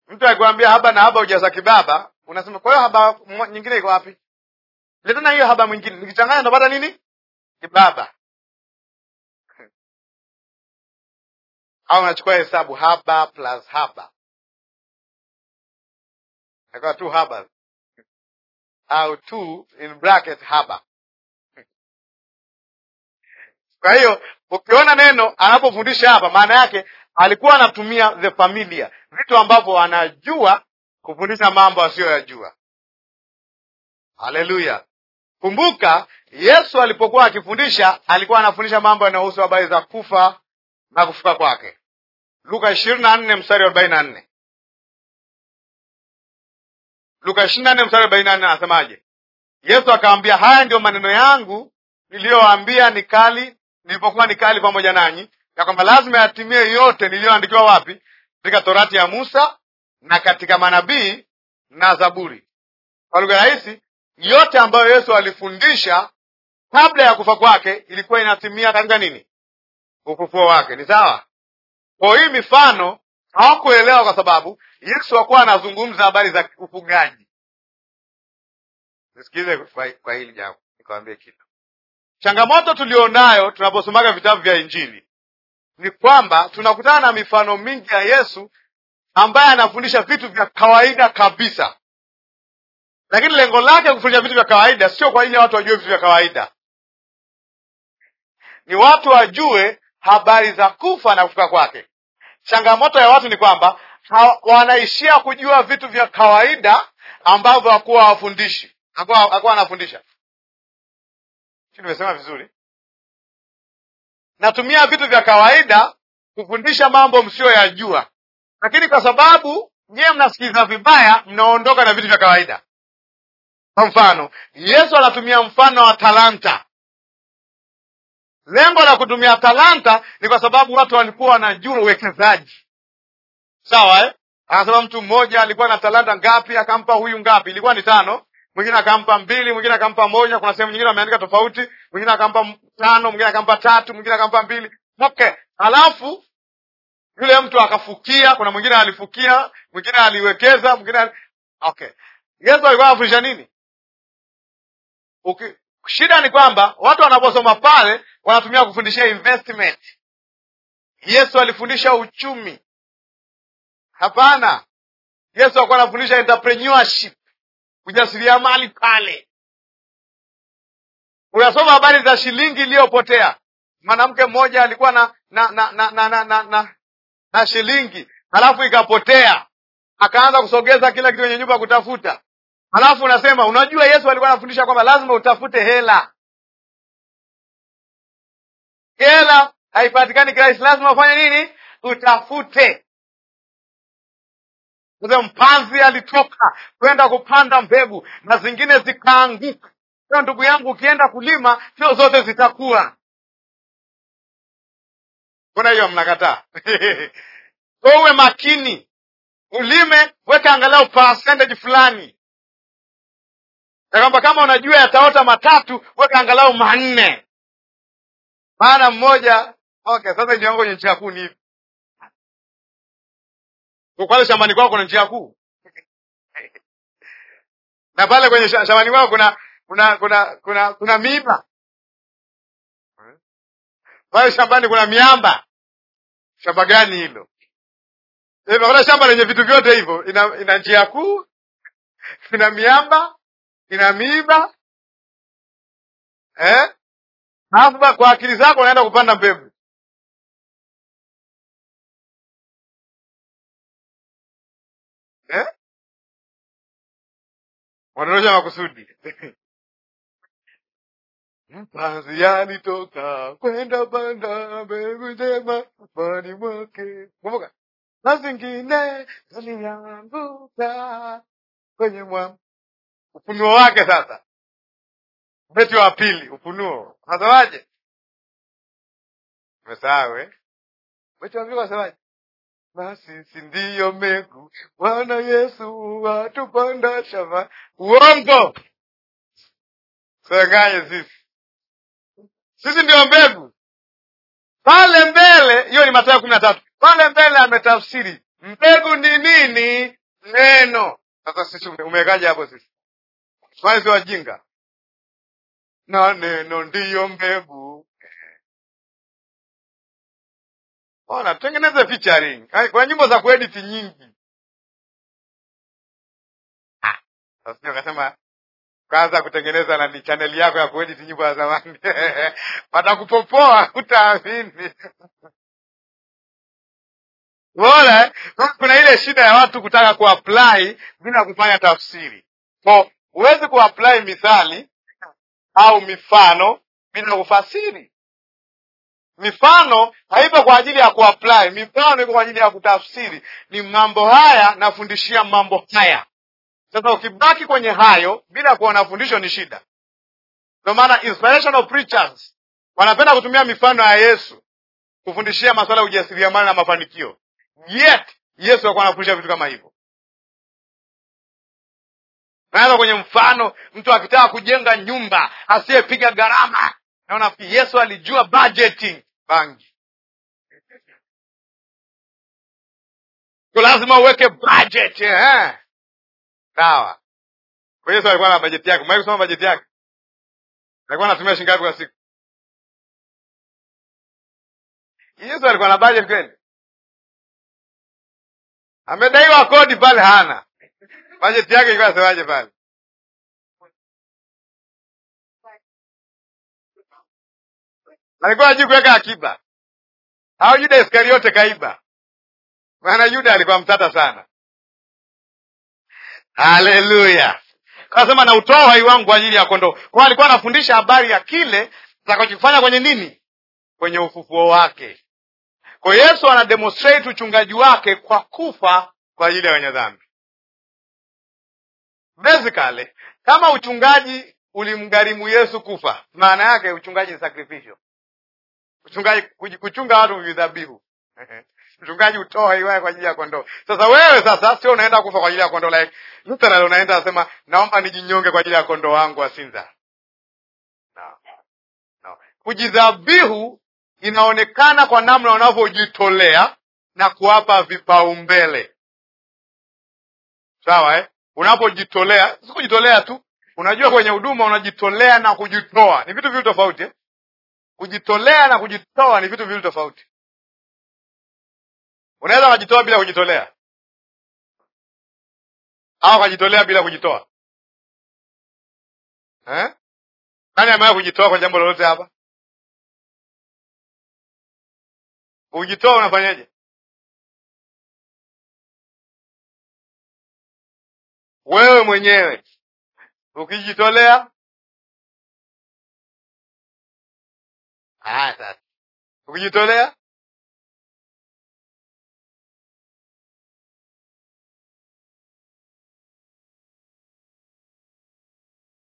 Mtu akikwambia haba na haba ujaza kibaba, unasema kwa hiyo haba nyingine iko wapi? Letana hiyo haba mwingine, nikichanganya ndo nini? Kibaba. Au unachukua hesabu haba plus haba, akawa two haba au two in bracket haba. Kwa hiyo Ukiona neno anapofundisha hapa, maana yake alikuwa anatumia the familia, vitu ambavyo anajua kufundisha mambo asiyoyajua. Haleluya! Kumbuka Yesu alipokuwa akifundisha, alikuwa anafundisha mambo yanayohusu habari za kufa na kufuka kwake, Luka 24 mstari wa arobaini Luka 24 mstari wa arobaini anasemaje? Yesu akamwambia, haya ndiyo maneno yangu niliyowaambia ni kali nilipokuwa nikali pamoja nanyi, ya kwamba lazima yatimie yote niliyoandikiwa wapi? Katika Torati ya Musa na katika manabii na Zaburi. Kwa lugha rahisi, yote ambayo Yesu alifundisha kabla ya kufa kwake ilikuwa inatimia katika nini? Ufufuo wake. Ni sawa? Kwa hii mifano hawakuelewa, kwa sababu Yesu hakuwa anazungumza habari za ufugaji. Nisikize kwa hili jambo, nikwambie kitu. Changamoto tulionayo tunaposomaga vitabu vya Injili ni kwamba tunakutana na mifano mingi ya Yesu ambaye anafundisha vitu vya kawaida kabisa, lakini lengo lake kufundisha vitu vya kawaida sio kwa ajili ya watu wajue vitu vya kawaida, ni watu wajue habari za kufa na kufuka kwake. Changamoto ya watu ni kwamba wanaishia kujua vitu vya kawaida ambavyo hakuwa wafundishi hakuwa anafundisha si nimesema vizuri? Natumia vitu vya kawaida kufundisha mambo msiyoyajua, lakini kwa sababu nyewe mnasikiliza vibaya, mnaondoka na vitu vya kawaida. Kwa mfano, Yesu anatumia mfano wa talanta. Lengo la kutumia talanta ni kwa sababu watu walikuwa wanajua uwekezaji, sawa eh? Anasema mtu mmoja alikuwa na talanta ngapi, akampa huyu ngapi, ilikuwa ni tano, mwingine akampa mbili, mwingine akampa moja. Kuna sehemu nyingine ameandika tofauti, mwingine akampa tano, mwingine akampa tatu, mwingine akampa mbili. Okay, halafu yule mtu akafukia. Kuna mwingine alifukia, mwingine aliwekeza, mwingine al... okay. Yesu alikuwa anafundisha nini? Okay. Shida ni kwamba watu wanaposoma pale wanatumia kufundishia investment. Yesu alifundisha uchumi? Hapana, Yesu alikuwa anafundisha entrepreneurship ujasiriamali pale. Unasoma habari za shilingi iliyopotea. Mwanamke mmoja alikuwa na na na na na, na, na, na, na shilingi halafu ikapotea, akaanza kusogeza kila kitu kwenye nyumba kutafuta. Halafu unasema unajua, Yesu alikuwa anafundisha kwamba lazima utafute hela. Hela haipatikani kirahisi, lazima ufanye nini? Utafute. Ule mpanzi alitoka kwenda kupanda mbegu na zingine zikaanguka. Leo ndugu yangu, ukienda kulima sio zote zitakuwa. Kuna hiyo mnakataa? so uwe makini, ulime, weka angalau percentage fulani ya kwamba kama unajua yataota matatu, weka angalau manne, maana mmoja. Okay, sasa njiwango kwenye hivi pale shambani kwako kuna njia kuu na pale kwenye shambani kwako kuna kuna kuna kuna kuna miba pale shambani kuna miamba. Shamba gani hilo? Unaona eh, shamba lenye vitu vyote hivyo, ina, ina njia kuu, ina miamba, ina miiba eh? kwa akili zako unaenda kupanda mbegu eh? Wanaonyesha makusudi Mpanzi yalitoka kwenda banda mbegu njema mwake. Kumbuka na zingine zilianguka kwenye mwa Ufunuo wake sasa, beti wa pili, Ufunuo nasemaje? Umesahau eh? beti wa pili wasemaje? na sisi ndiyo mbegu. Bwana Yesu atupanda shamba. Uongo, sanganye sisi, sisi ndiyo mbegu. Pale mbele, hiyo ni Mathayo kumi na tatu. Pale mbele ametafsiri mbegu ni nini? Neno. Sasa sisi umekaja hapo? Sisi sio wajinga, na neno ndiyo mbegu Ona, oh, tutengeneze featuring. Kuna nyimbo za kuedit nyingi. Ah, sasa akasema kaanza kutengeneza ni chaneli yako ya kuedit nyimbo za zamani. Watakupopoa, utaamini. Unaona, kuna ile shida ya watu kutaka kuapply bila kufanya tafsiri. So, huwezi kuapply mithali au mifano bila kufasiri. Mifano haipo kwa ajili ya kuapply, mifano iko kwa ajili ya kutafsiri. Ni mambo haya nafundishia mambo haya. Sasa ukibaki kwenye hayo bila kuwa na fundisho ni shida. Ndio maana inspirational preachers wanapenda kutumia mifano ya Yesu kufundishia masuala ya ujasiriamali na mafanikio, yet Yesu alikuwa anafundisha vitu kama hivyo. Naanza kwenye mfano, mtu akitaka kujenga nyumba asiyepiga gharama Naona Yesu alijua budgeting bangi. Kwa lazima uweke budget eh, sawa. Kwa Yesu alikuwa na bajeti yake. Mwaje kusoma bajeti yake? Alikuwa anatumia shilingi ngapi kwa siku? Yesu alikuwa na budget kweli? Amedaiwa kodi pale hana. Bajeti yake ilikuwa semaje pale? na alikuwa hajui kuweka akiba. Au Yuda Iskariote kaiba, maana Yuda alikuwa mtata sana. Haleluya! Kasema nautoa uhai wangu kwa ajili ya kondoo. Kwa alikuwa anafundisha habari ya kile takachofanya kwenye nini, kwenye ufufuo wake. Kwa Yesu anademonstrate uchungaji wake kwa kufa kwa ajili ya wenye dhambi. Basically, kama uchungaji ulimgharimu Yesu kufa, maana yake uchungaji ni sacrificial. Mchungaji kuchunga watu vidhabihu mchungaji utoa hiwaya kwa ajili ya kondoo. Sasa wewe sasa sio unaenda kufa kwa ajili ya kondoo, like literal unaenda asema naomba nijinyonge kwa ajili ya kondoo wangu asinza. No. No. Kujidhabihu inaonekana kwa namna unavyojitolea na kuwapa vipaumbele, sawa eh? Unapojitolea sikujitolea tu, unajua kwenye huduma unajitolea na kujitoa ni vitu viwili tofauti eh? Kujitolea na kujitoa ni vitu viwili tofauti. Unaweza ukajitoa bila kujitolea au ukajitolea bila kujitoa eh? Nani amewahi kujitoa kwa jambo lolote hapa? Kujitoa unafanyaje? Wewe mwenyewe ukijitolea haya sasa ukijitolea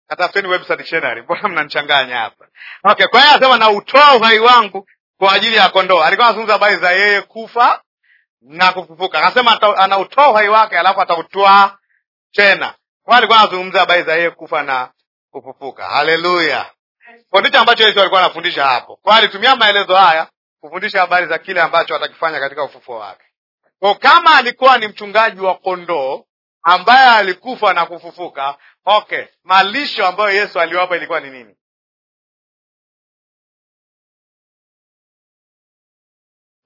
katafuteni webster dictionary mbona mnanichanganya hapa okay kwa hiyo anasema nautoa uhai wangu kwa ajili ya kondoo alikuwa anazungumza habari za yeye kufa na kufufuka akasema anautoa uhai wake alafu atautoa tena kwa alikuwa anazungumza habari za yeye kufa na kufufuka haleluya kwa ndicho ambacho Yesu alikuwa anafundisha hapo, kwa alitumia maelezo haya kufundisha habari za kile ambacho atakifanya katika ufufuo wake. Kwa kama alikuwa ni mchungaji wa kondoo ambaye alikufa na kufufuka, okay, malisho ambayo Yesu aliwapa ilikuwa ni nini?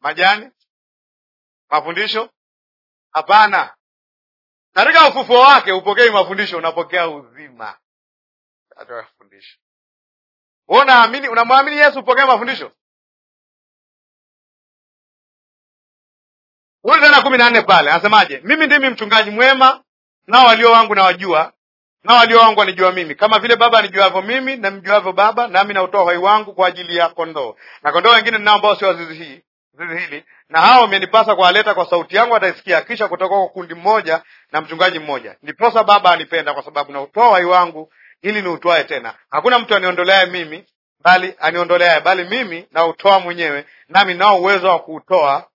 Majani? Mafundisho? Hapana. Katika ufufuo wake upokei mafundisho, unapokea uzima. Atawafundisha unaamini, unamwamini Yesu upokee mafundisho. Rudi tena kumi na nne pale anasemaje? Mimi ndimi mchungaji mwema, nao walio wangu nawajua, nao walio wangu wanijua mimi, kama vile Baba anijuavyo mimi namjuavyo Baba, nami nautoa uhai wangu kwa ajili ya kondoo. Na kondoo wengine ninao ambao sio zizi hii zizi hili, na hao imenipasa kuwaleta kwa sauti yangu ataisikia kisha kutoka kwa kundi mmoja na mchungaji mmoja. Ndiposa Baba anipenda, kwa sababu nautoa uhai wangu ili niutwae tena. Hakuna mtu aniondoleaye mimi bali aniondoleaye, bali mimi nautoa mwenyewe, nami nao uwezo wa kuutoa,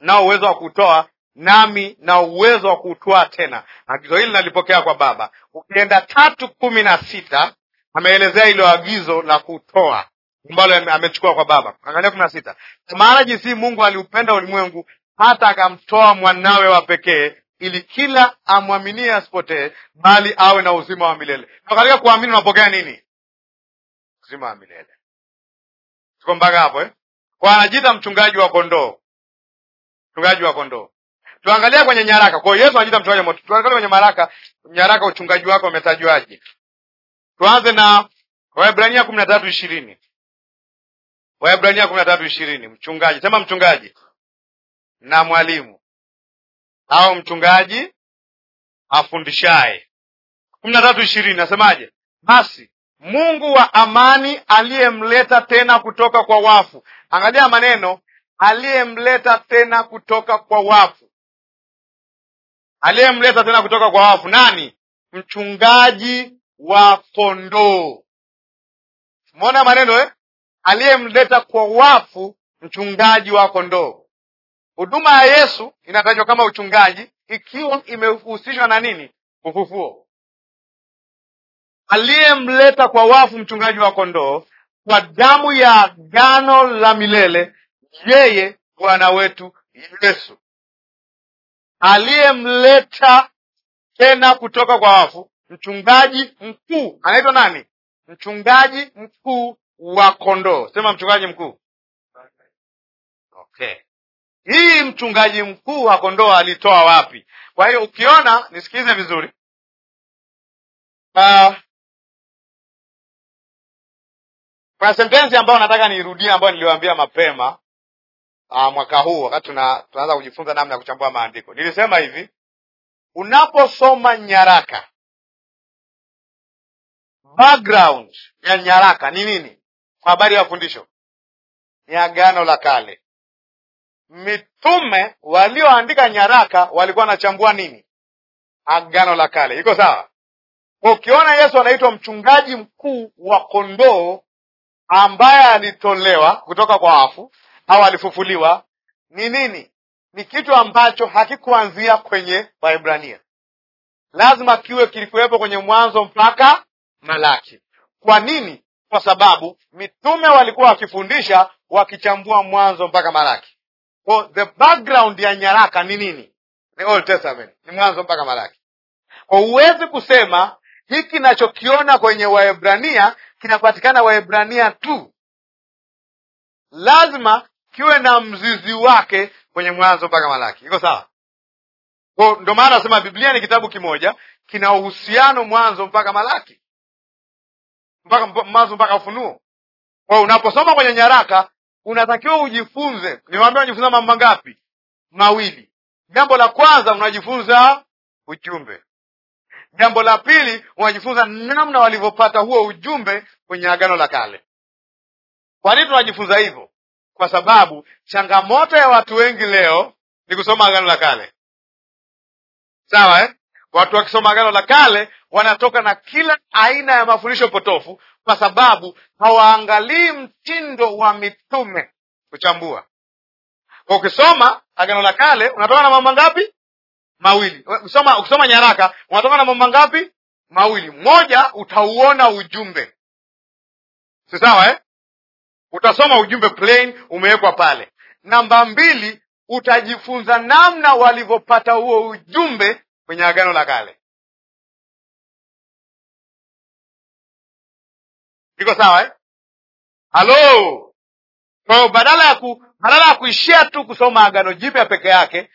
nao uwezo wa kuutoa nami na uwezo wa kuutoa tena. Agizo hili nalipokea kwa Baba. Ukienda tatu kumi na sita ameelezea hilo agizo la kutoa ambalo amechukua kwa Baba. Angalia kumi na sita, kwa maana jinsi Mungu aliupenda ulimwengu hata akamtoa mwanawe wa pekee ili kila amwaminie asipotee, bali awe na uzima wa milele. Na katika kuamini unapokea nini? Uzima wa milele. Tuko mpaka hapo eh? Kwa anajiita mchungaji wa kondoo, mchungaji wa kondoo. Tuangalia kwenye nyaraka. Kwa hiyo Yesu anajiita mchungaji wa moto. Tuangalia kwenye maraka, nyaraka uchungaji wako umetajwaje? Tuanze na Waebrania ishirini Waebrania ishirini. mchungaji. Sema mchungaji na mwalimu au mchungaji afundishaye. kumi na tatu ishirini nasemaje? Basi Mungu wa amani aliyemleta tena kutoka kwa wafu. Angalia maneno, aliyemleta tena kutoka kwa wafu, aliyemleta tena kutoka kwa wafu. Nani? Mchungaji wa kondoo. Umeona maneno eh? Aliyemleta kwa wafu, mchungaji wa kondoo. Huduma ya Yesu inatajwa kama uchungaji ikiwa imehusishwa na nini? Ufufuo. Aliyemleta kwa wafu, mchungaji wa kondoo, kwa damu ya agano la milele, yeye Bwana wetu Yesu aliyemleta tena kutoka kwa wafu, mchungaji mkuu. Anaitwa nani? Mchungaji mkuu wa kondoo. Sema mchungaji mkuu, okay hii mchungaji mkuu wa kondoo alitoa wapi? Kwa hiyo ukiona, nisikize vizuri uh, kuna sentensi ambayo nataka niirudie ambayo niliwaambia mapema uh, mwaka huu wakati tunaanza kujifunza namna ya kuchambua maandiko. Nilisema hivi, unaposoma nyaraka, background ya nyaraka ni nini kwa habari ya fundisho? Ni Agano la Kale mitume walioandika nyaraka walikuwa wanachambua nini? Agano la Kale. Iko sawa? Kwa ukiona Yesu anaitwa mchungaji mkuu wa kondoo ambaye alitolewa kutoka kwa wafu au alifufuliwa, ni nini? Ni kitu ambacho hakikuanzia kwenye Waebrania, lazima kiwe kilikuwepo kwenye Mwanzo mpaka Malaki. Kwa nini? Kwa sababu mitume walikuwa wakifundisha wakichambua Mwanzo mpaka Malaki. Kwa the background ya nyaraka ni nini? Ni Old Testament, ni Mwanzo mpaka Malaki. Kwa huwezi kusema hiki nachokiona kwenye Waebrania kinapatikana Waebrania tu, lazima kiwe na mzizi wake kwenye Mwanzo mpaka Malaki. Iko sawa? Kwa ndo maana nasema Biblia ni kitabu kimoja, kina uhusiano Mwanzo mpaka Malaki, mpaka Mwanzo mpaka Ufunuo. Kwa unaposoma kwenye nyaraka unatakiwa ujifunze. Niwaambia unajifunza mambo mangapi? Mawili. Jambo la kwanza unajifunza ujumbe, jambo la pili unajifunza namna walivyopata huo ujumbe kwenye Agano la Kale. Kwa nini tunajifunza hivyo? Kwa sababu changamoto ya watu wengi leo ni kusoma Agano la Kale, sawa eh? Watu wakisoma Agano la Kale wanatoka na kila aina ya mafundisho potofu, kwa sababu hawaangalii mtindo wa mitume kuchambua. Kwa ukisoma Agano la Kale unatoka na mambo ngapi? Mawili. Ukisoma, ukisoma nyaraka unatoka na mambo ngapi? Mawili. Moja, utauona ujumbe, si sawa eh? Utasoma ujumbe plain umewekwa pale. Namba mbili, utajifunza namna walivyopata huo ujumbe kwenye Agano la Kale. iko sawa eh? Halo, kwa hiyo badala ya ku, badala ya kuishia tu kusoma Agano Jipya peke yake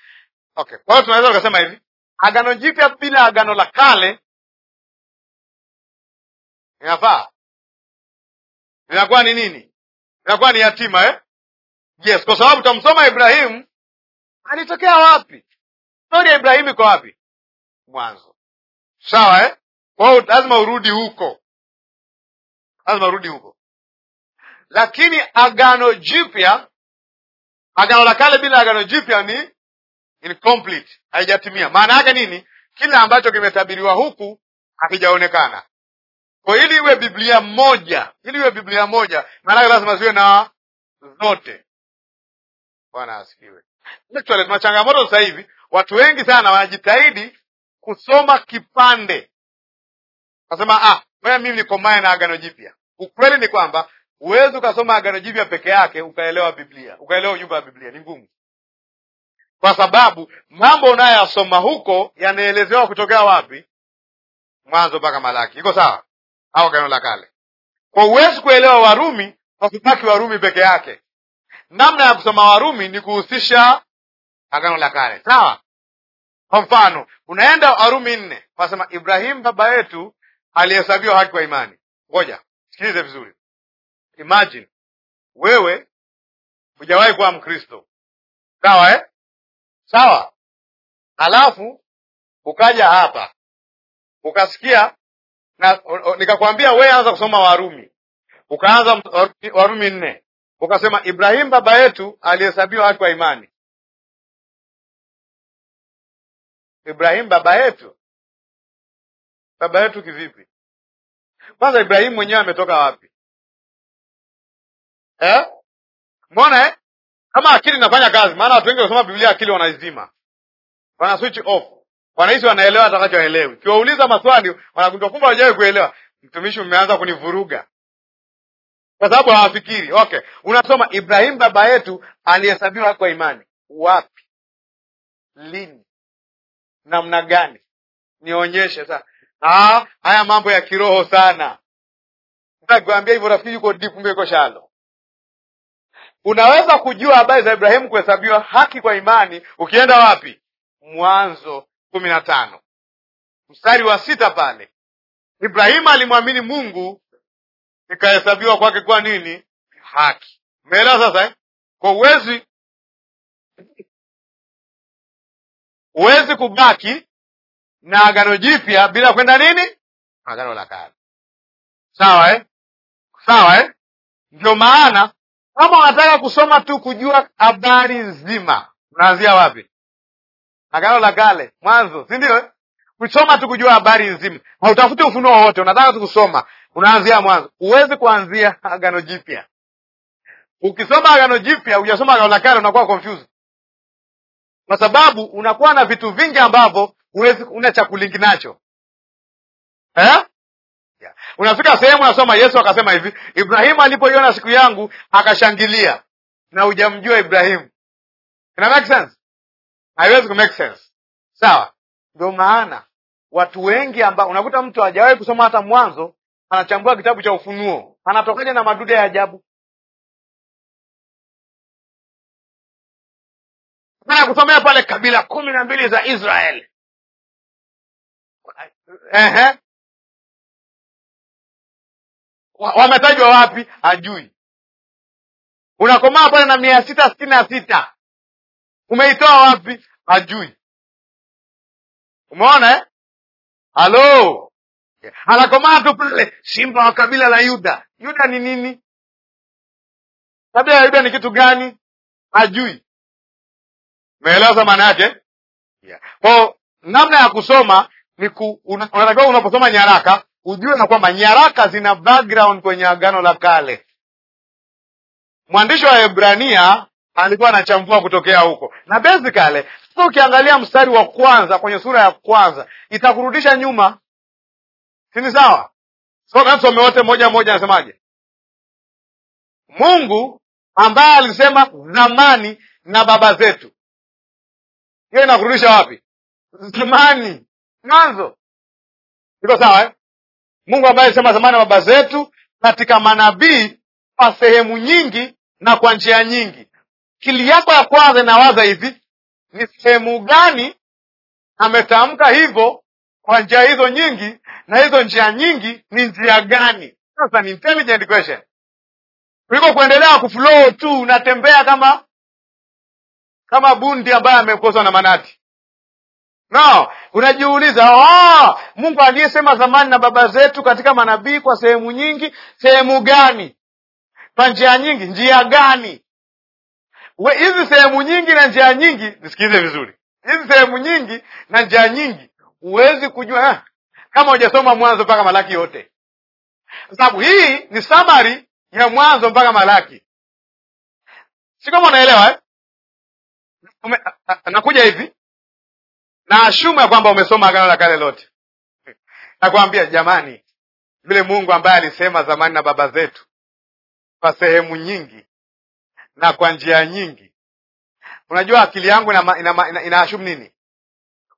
okay. Kwa hiyo tunaweza tukasema hivi Agano Jipya bila Agano la Kale inafaa linakuwa ni nini? Linakuwa ni yatima eh? Yes, kwa sababu tamsoma Ibrahimu alitokea wapi? Stori ya Ibrahimu iko wapi? Mwanzo, sawa eh? Kwa hiyo lazima urudi huko lazima rudi huko. Lakini agano jipya, agano la kale bila agano jipya ni incomplete, haijatimia. Maana yake nini? Kila ambacho kimetabiriwa huku hakijaonekana. Kwa ili iwe Biblia moja, ili iwe Biblia moja, maana lazima ziwe na zote. Bwana asifiwe. Actually tuna changamoto sasa hivi, watu wengi sana wanajitahidi kusoma kipande, nasema ah, Ngoja mimi nikomae na agano jipya. Ukweli ni kwamba huwezi ukasoma agano jipya peke yake ukaelewa Biblia, ukaelewa ujumbe wa Biblia. Ni ngumu, kwa sababu mambo unayoyasoma huko yanaelezewa kutokea wapi? Mwanzo mpaka Malaki, iko sawa? Au agano la kale. Kwa huwezi kuelewa Warumi wasibaki Warumi peke yake. Namna ya kusoma Warumi ni kuhusisha agano la kale, sawa? Kwa mfano unaenda Warumi nne, wasema Ibrahimu baba yetu alihesabiwa haki kwa imani. Ngoja sikilize vizuri, imagine wewe hujawahi kuwa Mkristo, sawa eh? Sawa, halafu ukaja hapa ukasikia na nikakwambia wewe anza kusoma Warumi, ukaanza Warumi nne ukasema Ibrahimu baba yetu alihesabiwa haki kwa imani. Ibrahimu baba yetu baba yetu kivipi? Kwanza Ibrahimu mwenyewe ametoka wapi eh? Mbona eh? Kama akili inafanya kazi, maana watu wengi wanasoma Biblia akili wanaizima, wana switch off, wanahisi wanaelewa atakachoelewi. Ukiwauliza maswali wanagundua kumbe hawajawahi kuelewa. Mtumishi, umeanza kunivuruga kwa sababu hawafikiri. Okay, unasoma Ibrahimu baba yetu alihesabiwa kwa imani. Wapi? Lini? namna gani? Nionyeshe sasa. Ah, haya mambo ya kiroho sana. Nakwambia hivyo rafiki, yuko deep, kumbe yuko shalo. Unaweza kujua habari za Ibrahimu kuhesabiwa haki kwa imani ukienda wapi? Mwanzo kumi na tano mstari wa sita pale Ibrahimu alimwamini Mungu ikahesabiwa kwake kwa nini haki. Umeelewa sasa eh? Kwa uwezi uwezi kubaki na agano jipya bila kwenda nini agano la kale. Sawa eh? Sawa eh? Ndio maana kama unataka kusoma tu kujua habari nzima, unaanzia wapi? Agano la kale, Mwanzo, si ndio eh? Kusoma tu kujua habari nzima, hautafuti ufunuo wowote, unataka tu kusoma, unaanzia Mwanzo. Huwezi kuanzia agano jipya. Ukisoma agano jipya ujasoma agano la kale, unakuwa confused, kwa sababu unakuwa na vitu vingi ambavyo huwezi una cha kulingi nacho eh? yeah. Unafika sehemu unasoma Yesu akasema hivi, Ibrahimu alipoiona siku yangu akashangilia, na hujamjua Ibrahimu. Ina make sense? Haiwezi ku make sense, sawa? Ndio maana watu wengi ambao unakuta mtu hajawahi kusoma hata Mwanzo, anachambua kitabu cha Ufunuo, anatokaje na madude ya ajabu kusomea pale kabila kumi na mbili za Israeli Ehe, wametajwa wapi? Hajui. Unakomaa pale na mia sita sitini na sita, umeitoa wapi? Hajui. Umeona eh? Halo, anakomaa tu pale, simba wa kabila la Yuda. Yuda ni nini? Kabila ya Yuda ni kitu gani? Hajui. Umeelewa maana yake? Yeah. Kwao namna ya kusoma ni ku, una, unatakiwa unaposoma nyaraka ujue na kwamba nyaraka zina background kwenye Agano la Kale. Mwandishi wa Hebrania alikuwa anachambua kutokea huko, na basically sasa, ukiangalia mstari wa kwanza kwenye sura ya kwanza itakurudisha nyuma, si ni sawa? So, tusome wote moja moja, anasemaje? Mungu ambaye alisema zamani na baba zetu, hiyo inakurudisha wapi? Zamani mwanzo. Iko sawa eh? Mungu ambaye alisema zamani ya baba zetu katika manabii kwa sehemu nyingi na kwa njia nyingi. Akili yako ya kwanza inawaza hivi, ni sehemu gani ametamka hivyo kwa njia hizo nyingi, na hizo njia nyingi ni njia gani? Sasa ni intelligent question kuliko kuendelea kuflow tu, unatembea kama kama bundi ambaye amekoswa na manati. No, unajiuliza oh, Mungu aliyesema zamani na baba zetu katika manabii kwa sehemu nyingi, sehemu gani? Kwa njia nyingi, njia gani? Hizi sehemu nyingi na njia nyingi, nisikilize vizuri, hizi sehemu nyingi na njia nyingi huwezi kujua eh, kama hujasoma Mwanzo mpaka Malaki yote, kwa sababu hii ni samari ya Mwanzo mpaka Malaki. Si kama unaelewa eh? Nakuja hivi na ashumu ya kwamba umesoma agano la kale lote. Nakwambia jamani, vile Mungu ambaye alisema zamani na baba zetu kwa sehemu nyingi na kwa njia nyingi. Unajua akili yangu ina, ina, ina, inaashumu nini?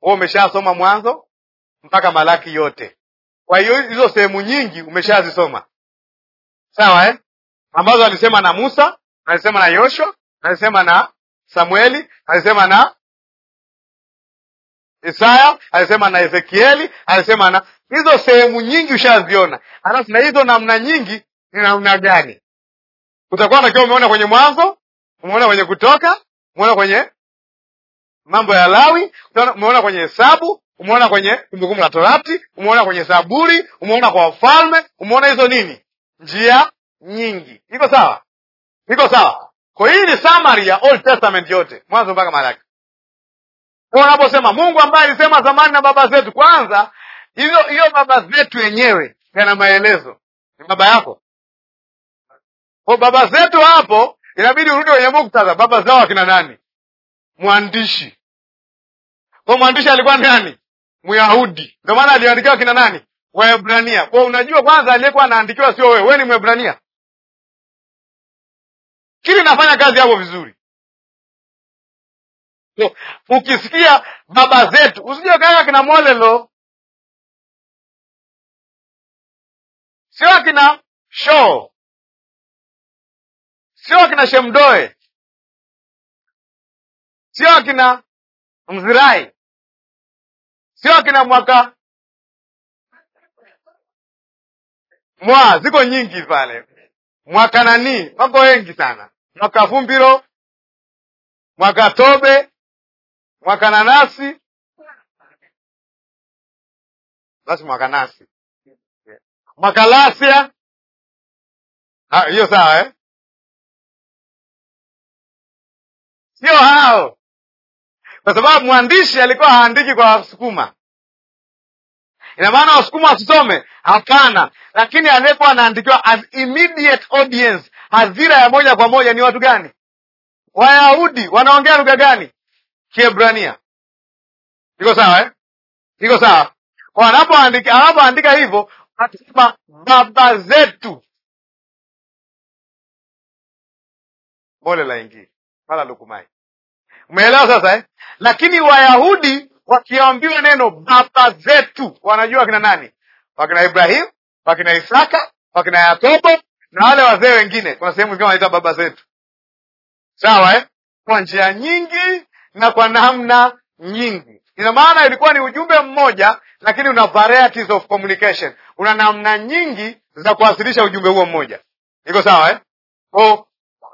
Wewe umeshasoma Mwanzo mpaka Malaki yote, kwa hiyo hizo sehemu nyingi umeshazisoma, sawa eh? ambazo alisema na Musa, alisema na Yoshua, alisema na Samueli, alisema na Isaya alisema na Ezekieli alisema na hizo sehemu nyingi ushaziona, halafu na hizo namna nyingi ni namna gani? Utakuwa na natakiwa umeona kwenye Mwanzo, umeona kwenye Kutoka, umeona kwenye Mambo ya Lawi, umeona kwenye Hesabu, umeona kwenye Kumbukumbu la Torati, umeona kwenye Zaburi, umeona kwa Wafalme, umeona hizo nini, njia nyingi. Iko sawa? Iko sawa? Kwa hii ni summary ya Old Testament yote, Mwanzo mpaka Malaki unaposema Mungu ambaye alisema zamani na baba zetu. Kwanza hiyo hiyo baba zetu yenyewe yana maelezo, ni baba yako kwa baba zetu. Hapo inabidi urudi kwenye muktadha, baba zao akina nani? Mwandishi kwa mwandishi alikuwa nani? Myahudi, ndio maana aliandikiwa kina nani? Waebrania. Kwa unajua kwanza, aliyekuwa anaandikiwa sio wewe, wewe ni Mwebrania. Kili nafanya kazi hapo vizuri ukisikia baba zetu usije ukaeka kina Molelo, sio akina show sio akina Shemdoe, sio akina Mzirai, sio akina mwaka mwa ziko nyingi pale nanii wako wengi sana, mwaka Fumbiro, mwaka Tobe Mwakananasi basi mwakanasi mwakalasia hiyo sawa eh? Sio hao, kwa sababu mwandishi alikuwa haandiki kwa Wasukuma. Ina maana Wasukuma wasisome? Hapana, lakini aliyekuwa anaandikiwa as immediate audience, hadhira ya moja kwa moja ni watu gani? Wayahudi. Wanaongea lugha gani? Kiebrania. Iko sawa eh? Iko sawa. Wanapoandika, anapoandika hivyo anasema baba zetu. Bole la ingi pala lukumai, umeelewa sasa eh? Lakini Wayahudi wakiambiwa neno baba zetu, wanajua wakina nani? Wakina Ibrahimu, wakina Isaka, wakina Yakobo na wale wazee wengine. Kuna sehemu zingine wanaita baba zetu, sawa eh? Kwa njia nyingi na kwa namna nyingi. Ina maana ilikuwa ni ujumbe mmoja, lakini una varieties of communication, una namna nyingi za kuwasilisha ujumbe huo mmoja. Iko sawa eh? Oh,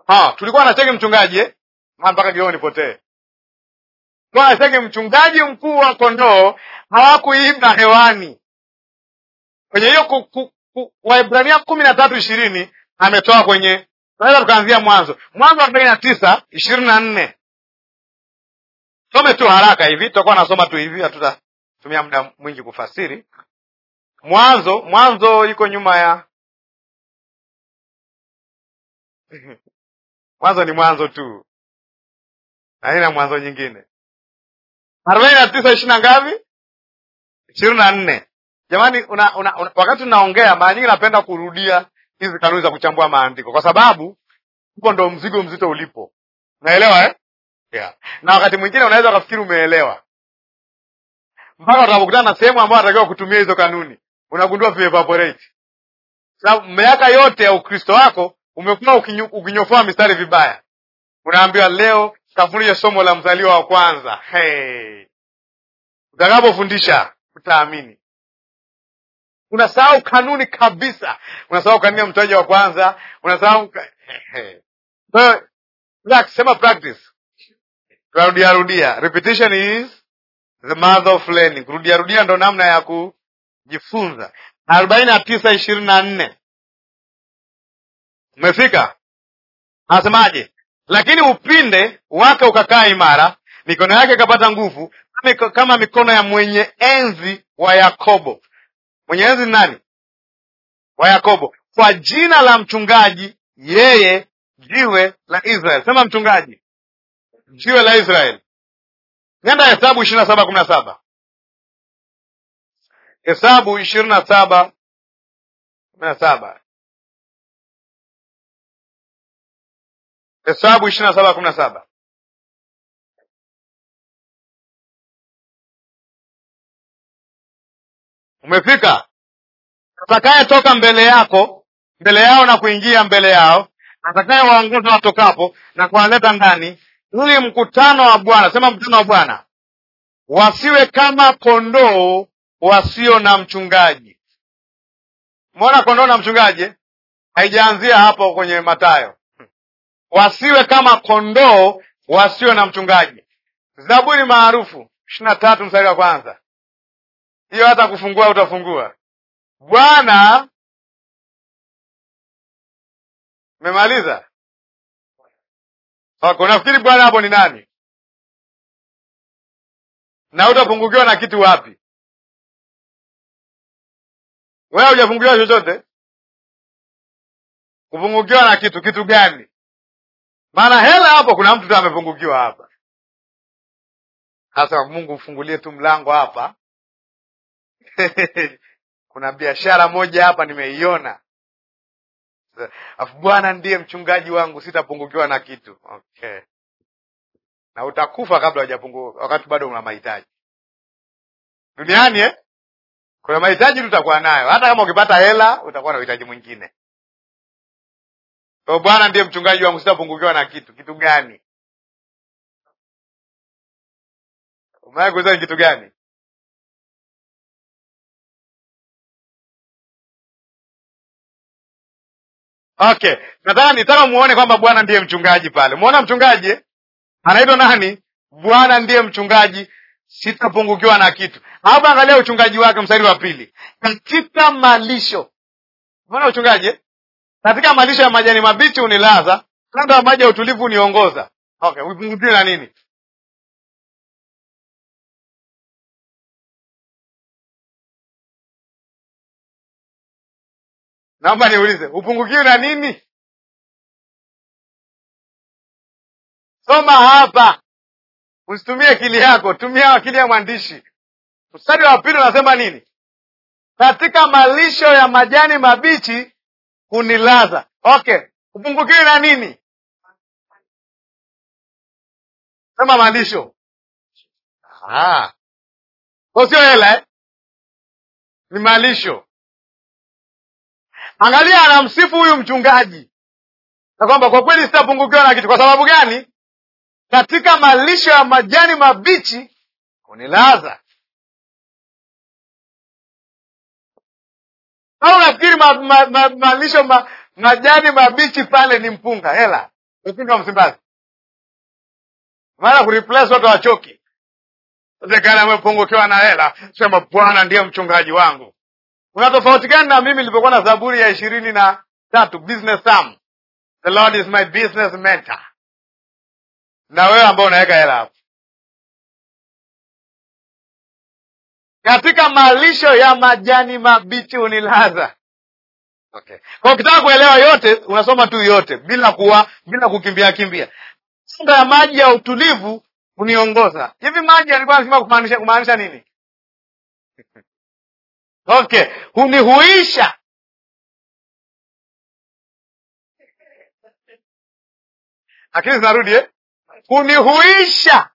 ha, tulikuwa na cheki mchungaji eh? mpaka jioni nipotee Nasege mchungaji mkuu wa kondoo hawakuimba hewani kwenye hiyo Waibrania kumi na tatu ishirini ametoa kwenye, tunaweza tukaanzia Mwanzo, Mwanzo wa arobaini na tisa ishirini na nne some tu haraka hivi, tutakuwa nasoma tu hivi, hatutatumia muda mwingi kufasiri. Mwanzo Mwanzo iko nyuma ya Mwanzo ni Mwanzo tu na ina Mwanzo nyingine arobaini na tisa ishirini na ngapi? ishirini na nne. Jamani, una, una, una, wakati unaongea mara nyingi napenda kurudia hizi kanuni za kuchambua maandiko kwa sababu huko ndo mzigo mzito ulipo, naelewa eh? yeah. na wakati mwingine unaweza ukafikiri umeelewa mpaka utakapokutana na sehemu ambayo anatakiwa kutumia hizo kanuni, unagundua vimevaporate. Sababu miaka yote ya Ukristo wako umekuwa ukinyofoa mistari vibaya, unaambiwa leo tafundisha somo la mzaliwa wa kwanza. Hey, utakapofundisha utaamini. Unasahau kanuni kabisa, unasahau kanuni ya mtaji wa kwanza, unasahau. hey, hey. akisema practice Tunarudia rudia. Repetition is the mother of learning. Kurudia rudia ndo namna ya kujifunza. arobaini na tisa ishirini na nne umefika? Anasemaje? Lakini upinde wake ukakaa imara, mikono yake ikapata nguvu kama mikono ya mwenye enzi wa Yakobo. Mwenye enzi ni nani? Wa Yakobo, kwa jina la mchungaji, yeye jiwe la Israeli. Sema mchungaji jiwe la Israeli. Nenda Hesabu ishirini na saba kumi na saba Hesabu ishirini na saba kumi na saba Hesabu ishirini na saba kumi na saba Umefika atakaye toka mbele yako mbele yao na kuingia mbele yao, atakaye waongoza watokapo na kuwaleta ndani ule mkutano wa Bwana, sema mkutano wa Bwana, wasiwe kama kondoo wasio na mchungaji. Mbona kondoo na mchungaji haijaanzia hapo kwenye Mathayo, wasiwe kama kondoo wasio na mchungaji. Zaburi maarufu ishirini na tatu mstari wa kwanza. Hiyo hata kufungua utafungua. Bwana, memaliza wako. Unafikiri bwana hapo ni nani? Na utapungukiwa na kitu wapi? Wewe hujapungukiwa chochote. Kupungukiwa na kitu, kitu gani? Maana hela hapo, kuna mtu tu amepungukiwa hapa. Sasa Mungu mfungulie tu mlango hapa kuna biashara moja hapa nimeiona Alafu eh, Bwana ndiye mchungaji wangu, sitapungukiwa na kitu. Okay, na utakufa kabla hujapungua, wakati bado una mahitaji duniani eh? Kuna mahitaji tutakuwa nayo, hata kama ukipata hela utakuwa na uhitaji mwingine. So, Bwana ndiye mchungaji wangu, sitapungukiwa na kitu. Kitu gani? Umewahi kuuliza ni kitu gani? Okay, nadhani nataka muone kwamba Bwana ndiye mchungaji pale. Muona mchungaji anaitwa nani? Bwana ndiye mchungaji, sitapungukiwa na kitu. Hapa angalia uchungaji wake, mstari wa pili, katika malisho. Muona uchungaji, katika malisho ya majani mabichi unilaza, kando ya maji ya utulivu uniongoza. Okay, upungukiwe na nini? naomba niulize, upungukiwi na nini? Soma hapa, usitumie akili yako, tumia akili ya mwandishi. Mstari wa pili unasema nini? Katika malisho ya majani mabichi kunilaza. Okay, upungukiwi na nini? Sema malisho ko sio hela eh? Ni malisho Angalia, anamsifu huyu mchungaji na kwamba kwa kweli sitapungukiwa na kitu. Kwa sababu gani? Katika malisho ya majani mabichi kunilaza. Au nafikiri ma, ma, ma, malisho ma, majani mabichi pale ni mpunga hela upinga wa Msimbazi? Maana kureplace watu wachoki zekana, amepungukiwa na hela, sema Bwana ndiye mchungaji wangu Una tofauti gani na mimi nilipokuwa na Zaburi ya ishirini na tatu business psalm, the Lord is my business mentor, na wewe ambao unaweka hela hapo katika malisho ya majani mabichi unilaza. Okay, kwa ukitaka kuelewa yote unasoma tu yote bila kuwa bila kukimbia kimbia. Anga ya maji ya utulivu uniongoza. Hivi maji alikuwa anasema kumaanisha kumaanisha nini? okay hunihuisha akili zinarudi eh? hunihuisha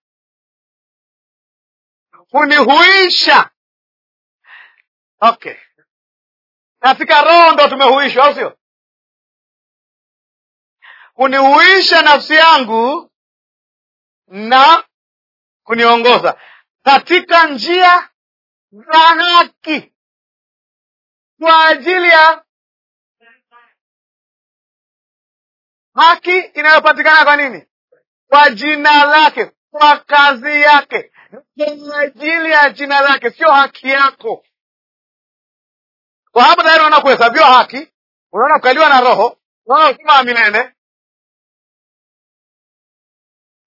hunihuisha okay katika roho ndo tumehuishwa au sio kunihuisha nafsi yangu na kuniongoza katika njia za haki kwa ajili ya haki inayopatikana kwa nini? Kwa jina lake, kwa kazi yake, kwa ajili ya jina lake, sio haki yako. Kwa hapo tayari unaona kuhesabiwa haki, unaona kukaliwa na Roho, unaona uzima wa milele,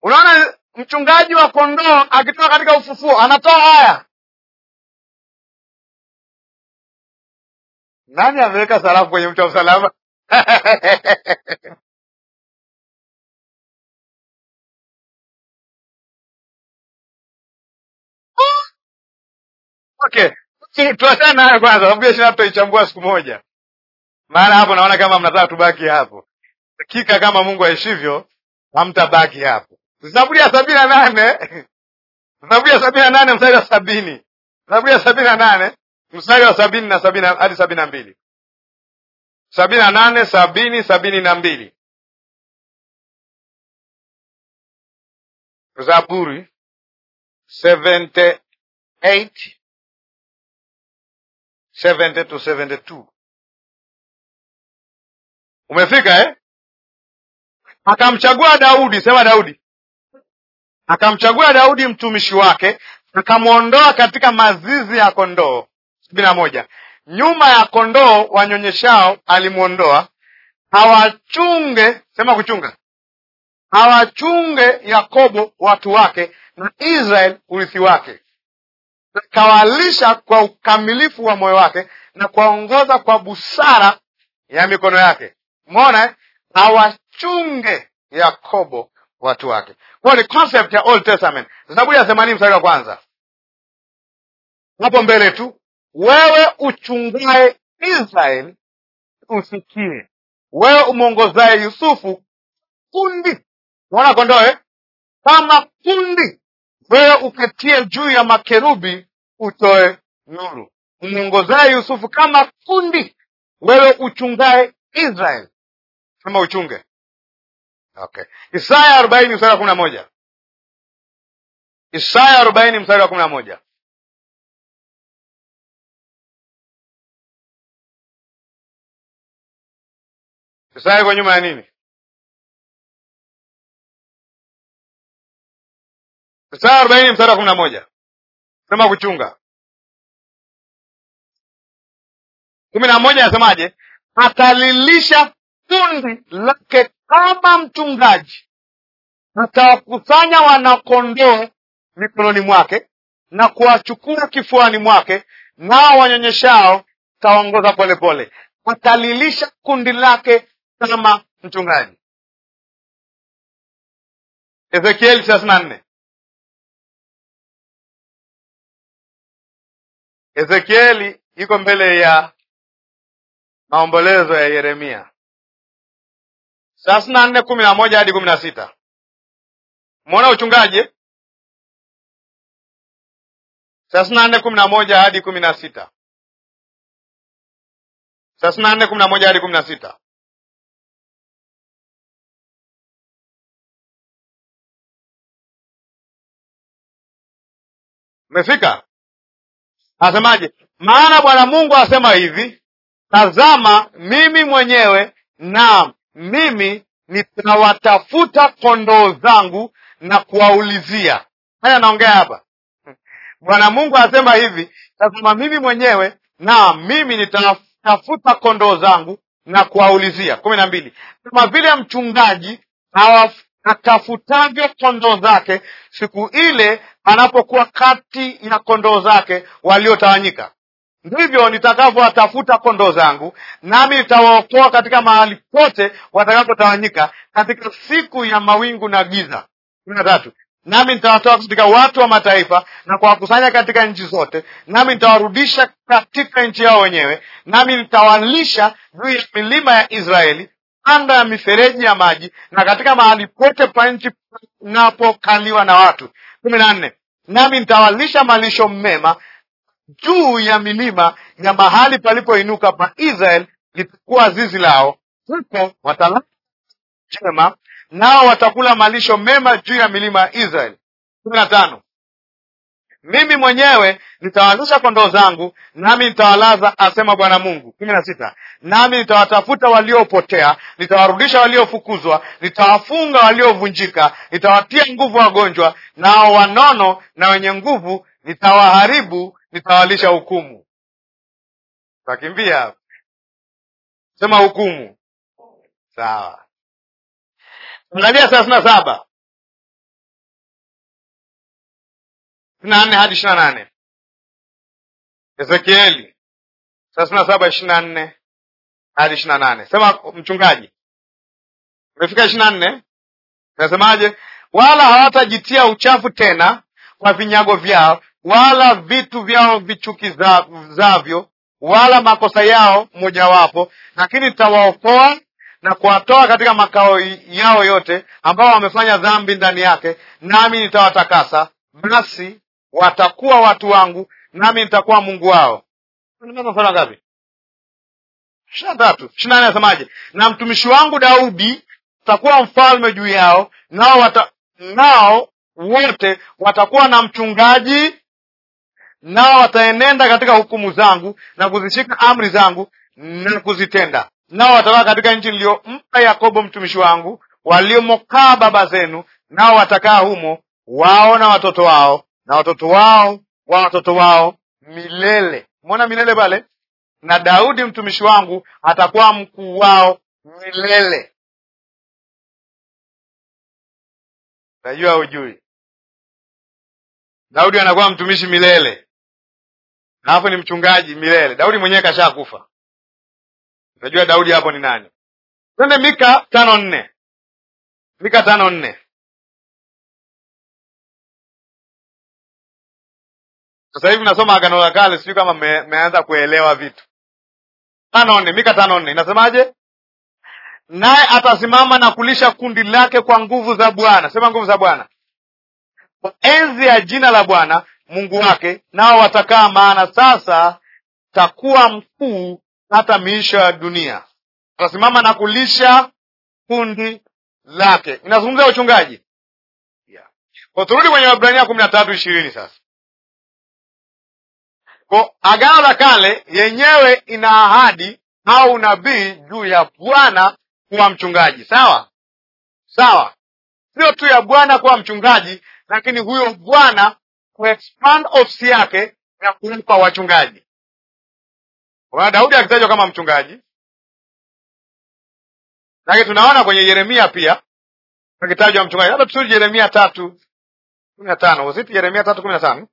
unaona mchungaji wa kondoo akitoka katika ufufuo anatoa haya Nani ameweka sarafu kwenye mti wa msalaba? Okay, tuachana nayo kwanza, sababu shina tutaichambua siku moja, maana hapo naona kama mnataka tubaki hapo. Hakika kama Mungu aishivyo, hamtabaki hapo. Zaburi ya sabini na nane Zaburi ya sabini na nane mstari wa sabini Zaburi ya sabini na nane mstari wa sabini na sabini hadi sabini na mbili sabini na nane sabini sabini na mbili Zaburi 78 to 72. Umefika eh? Akamchagua Daudi, sema Daudi. Akamchagua Daudi mtumishi wake, akamwondoa katika mazizi ya kondoo sabini na moja nyuma ya kondoo wanyonyeshao alimwondoa, hawachunge sema kuchunga, hawachunge Yakobo watu wake na israel urithi wake, akawalisha kwa ukamilifu wa moyo wake na kuwaongoza kwa busara ya mikono yake. mona eh? hawachunge Yakobo watu wake. Kwa ni concept ya Old Testament, Zaburi ya themanini msari wa kwanza hapo mbele tu wewe uchungaye Israeli usikie, wewe umwongozaye Yusufu, kundi mwana kondoe kama kundi, wewe uketie juu ya makerubi utoe nuru. Umwongozaye Yusufu kama kundi, wewe uchungaye Israeli, sema uchunge. Okay, Isaya arobaini mstari wa kumi na moja Isaya arobaini mstari wa kumi na moja Kristo yuko nyuma ya nini? Isaya arobaini mstari wa kumi na moja sema kuchunga. kumi na moja anasemaje? Atalilisha kundi lake kama mchungaji, atawakusanya wanakondoo mikononi mwake na kuwachukua kifuani mwake, nao wanyonyeshao taongoza polepole. Atalilisha kundi lake kama mchungaji. Ezekieli thelathini na nne Ezekieli iko mbele ya maombolezo ya Yeremia thelathini na nne kumi na moja hadi kumi na sita Mwona uchungaji thelathini na nne kumi na moja hadi kumi na sita thelathini na nne kumi na moja hadi kumi na sita Umefika? asemaje Maana Bwana Mungu asema hivi, tazama, mimi mwenyewe na mimi nitawatafuta kondoo zangu na kuwaulizia. Haya, naongea hapa. Bwana Mungu asema hivi, tazama, mimi mwenyewe na mimi nitatafuta kondoo zangu na kuwaulizia. kumi na mbili, kama vile mchungaji atafutavyo kondoo zake siku ile anapokuwa kati ya kondoo zake waliotawanyika, ndivyo nitakavyowatafuta kondoo zangu, nami nitawaokoa katika mahali pote watakapotawanyika, katika siku ya mawingu na giza. kumi na tatu nami nitawatoa katika watu wa mataifa na kuwakusanya katika nchi zote, nami nitawarudisha katika nchi yao wenyewe, nami nitawalisha juu ya milima ya Israeli kanda ya mifereji ya maji na katika mahali pote pa nchi panapokaliwa na watu. kumi na nne nami nitawalisha malisho mema juu ya milima ya mahali palipoinuka pa Israel, litakuwa zizi lao, huko watalala njema, nao watakula malisho mema juu ya milima ya Israel. kumi na tano mimi mwenyewe nitawaanzisha kondoo zangu, nami nitawalaza, asema Bwana Mungu. kumi na sita, nami nitawatafuta waliopotea, nitawarudisha waliofukuzwa, nitawafunga waliovunjika, nitawatia nguvu wagonjwa, nao wanono na wenye nguvu nitawaharibu, nitawalisha hukumu. Takimbia sema hukumu. Sawa, angalia thelathini na saba na nne hadi ishiri na nane Ezekieli thelathini na saba na nne hadi ishiri na nane Sema mchungaji, umefika ishiri na nne Nasemaje? wala hawatajitia uchafu tena kwa vinyago vyao wala vitu vyao vichukizavyo wala makosa yao mmojawapo lakini tawaokoa na kuwatoa katika makao yao yote ambao wamefanya dhambi ndani yake, nami nitawatakasa. Basi watakuwa watu wangu nami nitakuwa Mungu wao. Mstari ngapi? ishirini na tatu na Nasemaje? na mtumishi wangu Daudi atakuwa mfalme juu yao, nao wata, nao wote watakuwa na mchungaji, nao wataenenda katika hukumu zangu na kuzishika amri zangu na kuzitenda, nao watakaa katika nchi niliyompa Yakobo mtumishi wangu waliomokaa baba zenu, nao watakaa humo, wao na watoto wao na watoto wao wa watoto wao milele. Umeona milele pale, na Daudi mtumishi wangu atakuwa mkuu wao milele. Najua ujui Daudi anakuwa mtumishi milele, na hapo ni mchungaji milele. Daudi mwenyewe kashakufa. Unajua Daudi hapo ni nani? Twende Mika tano nne Mika tano nne Sasa hivi nasoma Agano la Kale, sijui kama mmeanza kuelewa vitu. Tano nne, Mika tano nne inasemaje? Naye atasimama na kulisha kundi lake kwa nguvu za Bwana. Sema nguvu za Bwana, kwa enzi ya jina la Bwana Mungu wake, nao watakaa, maana sasa takuwa mkuu hata miisho ya dunia. Atasimama na kulisha kundi lake, inazungumza uchungaji yeah. Turudi kwenye Waebrania kumi na tatu ishirini sasa kwa Agano la Kale yenyewe ina ahadi au unabii juu ya Bwana kuwa mchungaji, sawa sawa, sio tu ya Bwana kuwa mchungaji, lakini huyo Bwana kuexpand ofisi yake ya kumpa wachungaji. Kwa Daudi akitajwa kama mchungaji, lakini tunaona kwenye Yeremia pia akitajwa mchungaji. Labda tusuri Yeremia tatu kumi na tano Yeremia tatu kumi na tano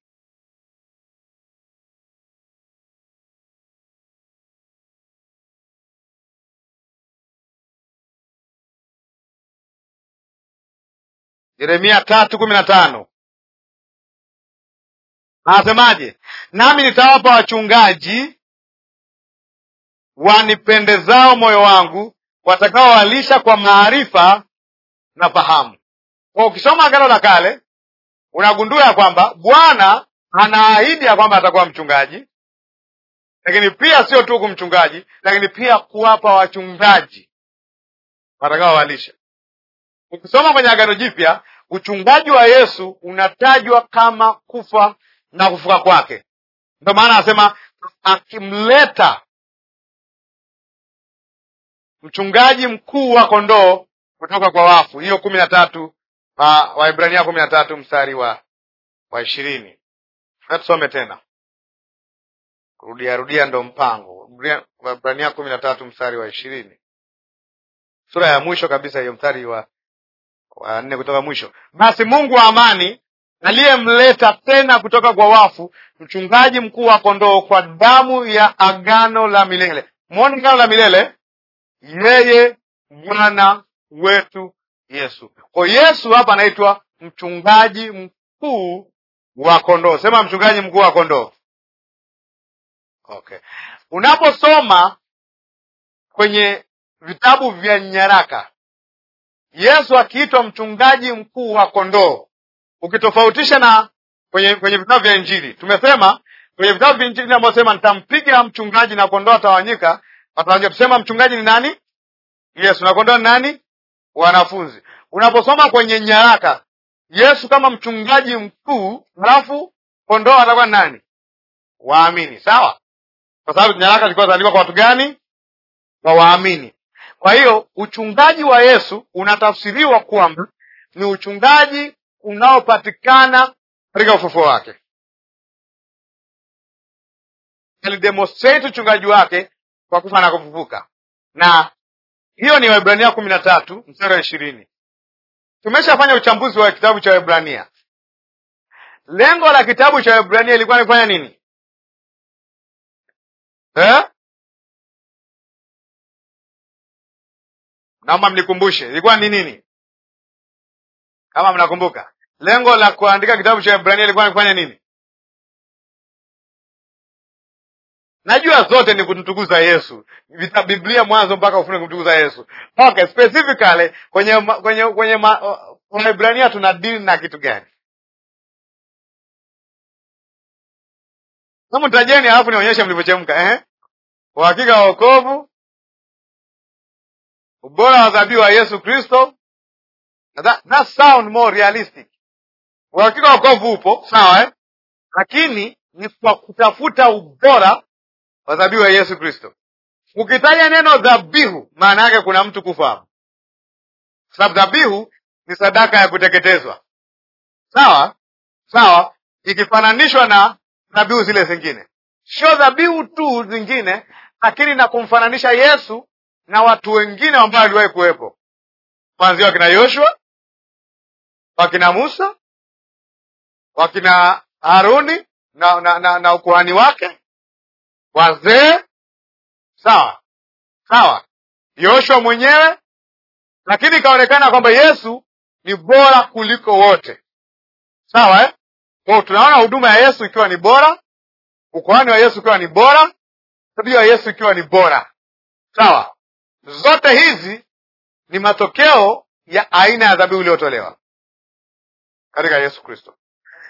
Yeremia tatu kumi na tano anasemaje? Nami nitawapa wachungaji wanipendezao moyo wangu, watakaowalisha kwa maarifa na fahamu. Kwa ukisoma Agano la Kale unagundua ya kwamba Bwana anaahidi ya kwamba atakuwa mchungaji, lakini pia sio tu kumchungaji, lakini pia kuwapa wachungaji watakaowalisha Ukisoma kwenye Agano Jipya, uchungaji wa Yesu unatajwa kama kufa na kufuka kwake. Ndio maana anasema akimleta mchungaji mkuu wa kondoo kutoka kwa wafu. Hiyo kumi na tatu ah, Waibrania kumi na tatu mstari wa wa ishirini. Tusome tena, rudia rudia ndo mpango. Waibrania kumi na tatu mstari wa ishirini, sura ya mwisho kabisa hiyo, mstari wa wanne kutoka mwisho. Basi Mungu wa amani aliyemleta tena kutoka kwa wafu, mchungaji mkuu wa kondoo, kwa damu ya agano la milele. Mwone agano la milele, yeye Bwana wetu Yesu. Kwa Yesu hapa anaitwa mchungaji mkuu wa kondoo. Sema mchungaji mkuu wa kondoo. Okay, unaposoma kwenye vitabu vya nyaraka Yesu akiitwa mchungaji mkuu wa kondoo, ukitofautisha na kwenye kwenye vitabu vya Injili. Tumesema kwenye vitabu vya Injili ambaosema nitampiga mchungaji na kondoo atawanyika, atawanyika. Tusema mchungaji ni nani? Yesu. Na kondoo ni nani? Wanafunzi. Unaposoma kwenye nyaraka, Yesu kama mchungaji mkuu, halafu kondoo atakuwa nani? Waamini. Sawa, kwa sababu nyaraka zilikuwa zaandikwa kwa watu gani? Kwa waamini. Kwa hiyo uchungaji wa Yesu unatafsiriwa kwamba ni uchungaji unaopatikana katika ufufuo wake. Alidemonstrate uchungaji wake kwa kufa na kufufuka, na hiyo ni Waebrania kumi na tatu mstari wa ishirini. Tumeshafanya uchambuzi wa kitabu cha Waebrania. Lengo la kitabu cha Waebrania ilikuwa ni kufanya nini eh? naomba mnikumbushe ilikuwa ni nini, kama mnakumbuka. Lengo la kuandika kitabu cha Ibrania ilikuwa ni kufanya nini? Najua zote ni kumtukuza Yesu. Vita Biblia mwanzo mpaka ufune kumtukuza Yesu. Okay, specifically kwenye kwenye kwenye uh, Waibrania tuna deal na kitu gani? Kama mtajeni, alafu nionyeshe mlivyochemka. Eh, uhakika hakika wokovu, ubora wa dhabihu wa Yesu Kristo. na sound more realistic. Uhakika wokovu upo sawa, eh? Lakini ni kwa kutafuta ubora wa dhabihu ya Yesu Kristo. Ukitaja neno dhabihu, maana yake kuna mtu kufahamu sababu dhabihu ni sadaka ya kuteketezwa, sawa sawa, ikifananishwa na dhabihu zile zingine, sio dhabihu tu zingine, lakini na kumfananisha Yesu na watu wengine ambao waliwahi kuwepo kwanzia wakina Yoshua, wakina Musa, wakina Haruni na, na, na, na ukuhani wake, wazee sawa sawa, Yoshua mwenyewe, lakini ikaonekana kwamba Yesu ni bora kuliko wote, sawa eh? Kwa tunaona huduma ya Yesu ikiwa ni bora, ukuhani wa Yesu ikiwa ni bora, tabia ya Yesu ikiwa ni bora, sawa Zote hizi ni matokeo ya aina ya dhabihu iliyotolewa katika Yesu Kristo.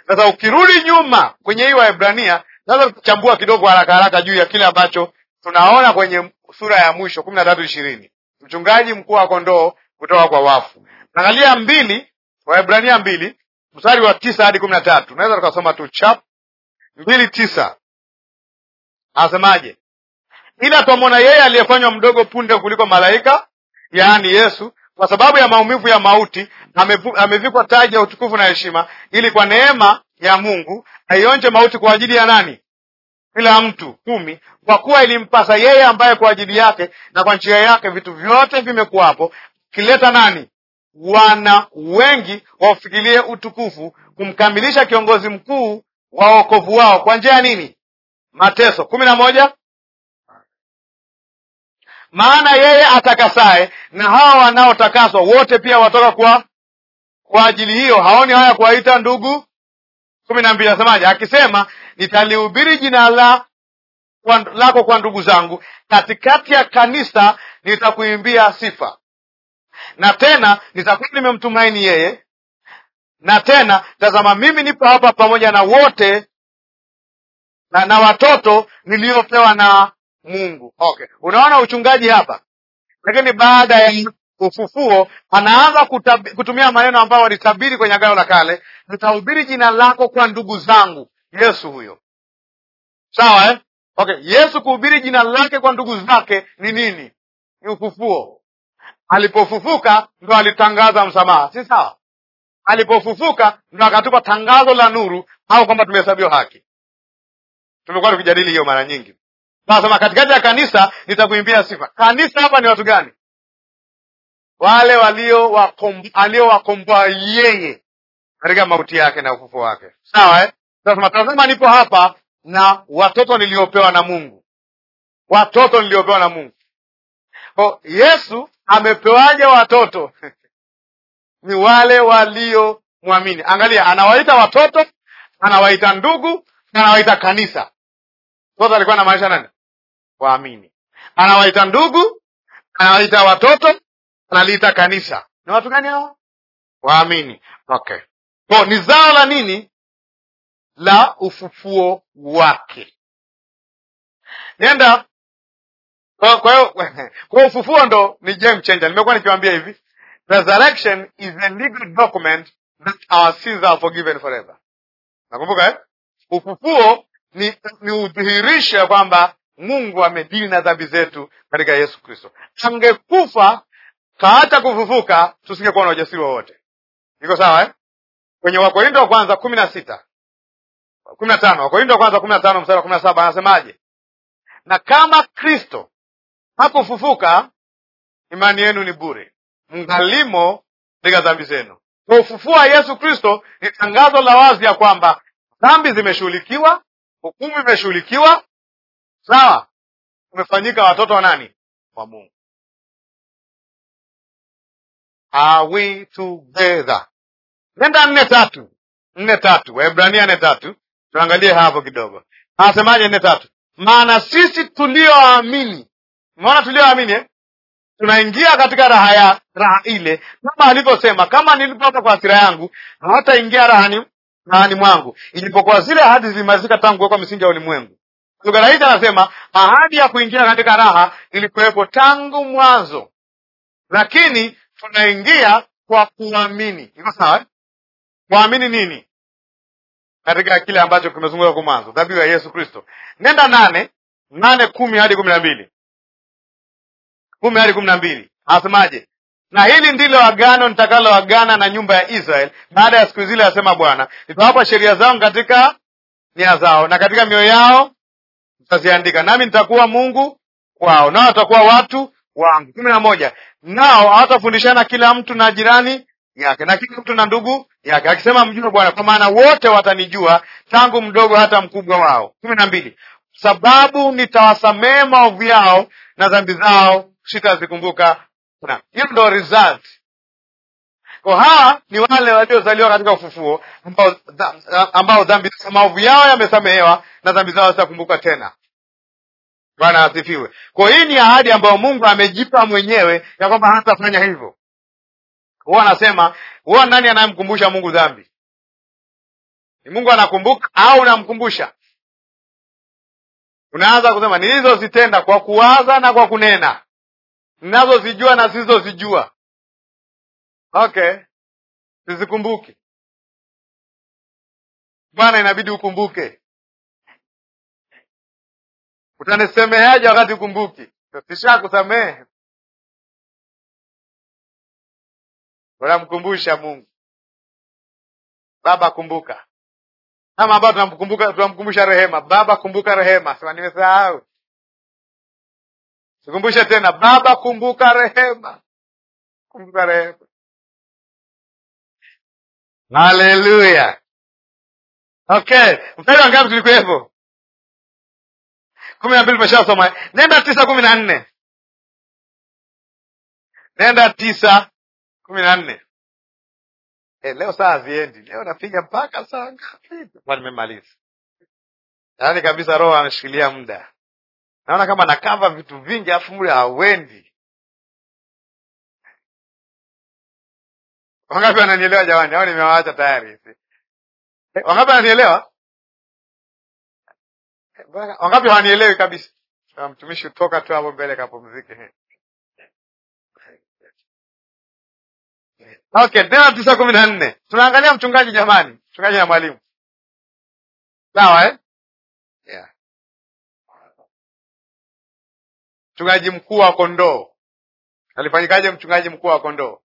Sasa ukirudi nyuma kwenye hii Waebrania, sasa tuchambua kidogo haraka haraka juu ya kile ambacho tunaona kwenye sura ya mwisho kumi na tatu ishirini mchungaji mkuu wa kondoo kutoka kwa wafu. Angalia mbili, Waebrania mbili mstari wa tisa hadi kumi na tatu naweza tukasoma tu chap mbili tisa, anasemaje? ila twamwona yeye aliyefanywa mdogo punde kuliko malaika, yaani Yesu, kwa sababu ya maumivu ya mauti, amevikwa taji ya utukufu na heshima, ili kwa neema ya Mungu aionje mauti kwa ajili ya nani? Kila mtu. kumi. Kwa kuwa ilimpasa yeye ambaye kwa ajili yake na kwa njia yake vitu vyote vimekuwapo, kileta nani wana wengi waufikilie utukufu, kumkamilisha kiongozi mkuu wa wokovu wao kwa njia ya nini? Mateso. kumi na moja maana yeye atakasaye na hawa wanaotakaswa wote pia watoka kwa kwa ajili hiyo haoni haya kuwaita ndugu kumi na mbili anasemaje akisema nitalihubiri jina la kwa, lako kwa ndugu zangu katikati ya kanisa nitakuimbia sifa na tena nitakuwa nimemtumaini yeye na tena tazama mimi nipo hapa pamoja na wote na, na watoto niliyopewa na Mungu. Okay, unaona uchungaji hapa, lakini baada ya ufufuo anaanza kutumia maneno ambayo walitabiri kwenye Agano la Kale, nitahubiri jina lako kwa ndugu zangu. Yesu huyo, sawa eh? Okay, Yesu kuhubiri jina lake kwa ndugu zake ni nini? Ni ufufuo. Alipofufuka ndo alitangaza msamaha, si sawa? Alipofufuka ndo akatupa tangazo la nuru, au kwamba tumehesabiwa haki. Tumekuwa tukijadili hiyo mara nyingi. Nasema katikati ya kanisa nitakuimbia sifa. Kanisa hapa ni watu gani? Wale aliowakomboa yeye katika mauti yake na ufufu wake, sawa eh? Sasa tunasema nipo hapa na watoto niliopewa na Mungu, watoto niliopewa na Mungu. O, Yesu amepewaje watoto? ni wale walio mwamini Angalia, anawaita watoto, anawaita ndugu na anawaita kanisa. Toto alikuwa na maisha nani? waamini, anawaita ndugu, anawaita watoto, analiita kanisa. Ni watu gani hao? Waamini. Okay, so ni zao la nini? La ufufuo wake. Nenda kwa hiyo kwa ufufuo ndo ni game changer. Nimekuwa nikiwambia hivi, resurrection is a legal document that our sins are forgiven forever. Nakumbuka eh? Ufufuo ni, ni udhihirisho ya kwamba Mungu amedili na dhambi zetu katika Yesu Kristo. Angekufa hata kufufuka, tusingekuwa na ujasiri wowote. Iko sawa eh? Kwenye Wakorinto wa kwanza kumi na sita kumi na tano Wakorinto wa kwanza kumi na tano mstari wa kumi na saba anasemaje? Na kama Kristo hakufufuka, imani yenu ni bure, mngalimo katika dhambi zenu. Kwa ufufuo wa Yesu Kristo ni tangazo la wazi ya kwamba dhambi zimeshughulikiwa, hukumu imeshughulikiwa, sawa, umefanyika watoto wa nani? Wa Mungu. Are we together? Nenda nne tatu, nne tatu, Waebrania nne tatu, tuangalie hapo kidogo, anasemaje nne tatu? Maana sisi tulioamini, umeona tulioamini eh? tunaingia katika raha ya raha ile, kama alivyosema, kama nilipata kwa asira yangu hawataingia rahani rahani mwangu, ilipokuwa zile ahadi zilimalizika tangu kuwekwa misingi ya ulimwengu lugha rahisi, anasema ahadi ya kuingia katika raha ilikuwepo tangu mwanzo, lakini tunaingia kwa kuamini. Iko sawa? Kuamini nini? Katika kile ambacho kimezungumzwa kwa mwanzo, dhabihu ya Yesu Kristo. Nenda nane nane kumi hadi kumi na mbili kumi hadi kumi na mbili anasemaje? Na hili ndilo agano nitakaloagana na nyumba ya Israeli baada ya siku zile, asema Bwana, nitawapa sheria zangu katika nia zao na katika mioyo yao mtaziandika, nami nitakuwa Mungu kwao, nao watakuwa watu wangu. kumi na moja, nao hawatafundishana kila mtu na jirani yake na kila mtu na ndugu yake, akisema mjue Bwana, kwa maana wote watanijua, tangu mdogo hata mkubwa wao. kumi na mbili, sababu nitawasamehe maovu yao na dhambi zao sitazikumbuka. Hiyo ndo result hawa ni wale waliozaliwa katika ufufuo ambao, ambao dhambi maovu yao yamesamehewa na dhambi zao zitakumbuka tena. Bwana asifiwe. Kwa hii ni ahadi ambayo Mungu amejipa mwenyewe ya kwamba hatafanya hivyo. Huwa anasema huwa nani anayemkumbusha Mungu dhambi? Ni Mungu anakumbuka au unamkumbusha? Unaanza kusema nilizozitenda kwa kuwaza na kwa kunena, ninazozijua na sizozijua Okay, sizikumbuki bwana, inabidi ukumbuke. Utanisemeheaje wakati ukumbuki? kusamehe unamkumbusha Mungu Baba, kumbuka kama ambayo tunamkumbuka, tunamkumbusha rehema. Baba, kumbuka rehema. Sema nimesahau, sikumbushe tena. Baba, kumbuka rehema, kumbuka rehema. Haleluya. Okay, mstari wa ngapi tulikuwepo? kumi na mbili tumeshasoma. Nenda tisa kumi na nne nenda tisa kumi na nne Eh, leo saa haziendi, leo napiga mpaka saa ngapi? Nimemaliza yaani kabisa, Roho ameshikilia muda. Naona kama nakava vitu vingi, afu mle hawendi Wangapi wananielewa jamani? Au nimewaacha tayari? Wangapi wananielewa? Wangapi hawanielewi kabisa? Ah, mtumishi utoka tu hapo mbele kapumzike. Okay, tena tisa kumi na nne tunaangalia mchungaji jamani, mchungaji na mwalimu sawa eh? Yeah. Mchungaji mkuu wa kondoo alifanyikaje? Mchungaji mkuu wa kondoo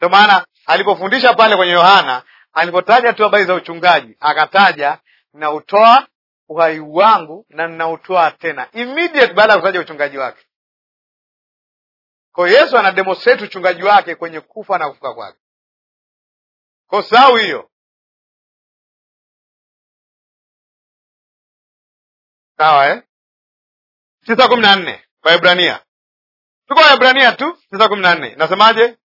ndio maana alipofundisha pale kwenye Yohana, alipotaja tu habari za uchungaji, akataja nautoa uhai wangu na ninautoa tena, immediate baada ya kutaja uchungaji wake. Kwa yesu ana demonstrate uchungaji wake kwenye kufa na kufuka kwake. Kwa sawa hiyo, sawa eh? tisa kumi na nne Waebrania, tuko Waebrania tu tisa kumi na nne nasemaje?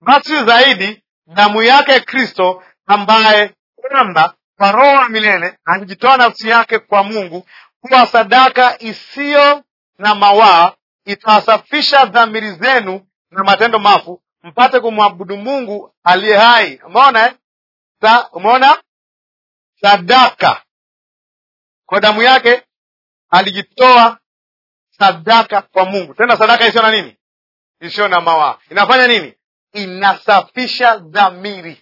basi zaidi damu yake Kristo, ambaye kwamba kwa roho ya milele alijitoa nafsi yake kwa Mungu kuwa sadaka isiyo na mawaa, itawasafisha dhamiri zenu na matendo mafu, mpate kumwabudu Mungu aliye hai. Umeona eh? Sa, umeona sadaka kwa damu yake alijitoa sadaka kwa Mungu, tena sadaka isiyo na nini? Isiyo na mawaa. Inafanya nini? inasafisha dhamiri,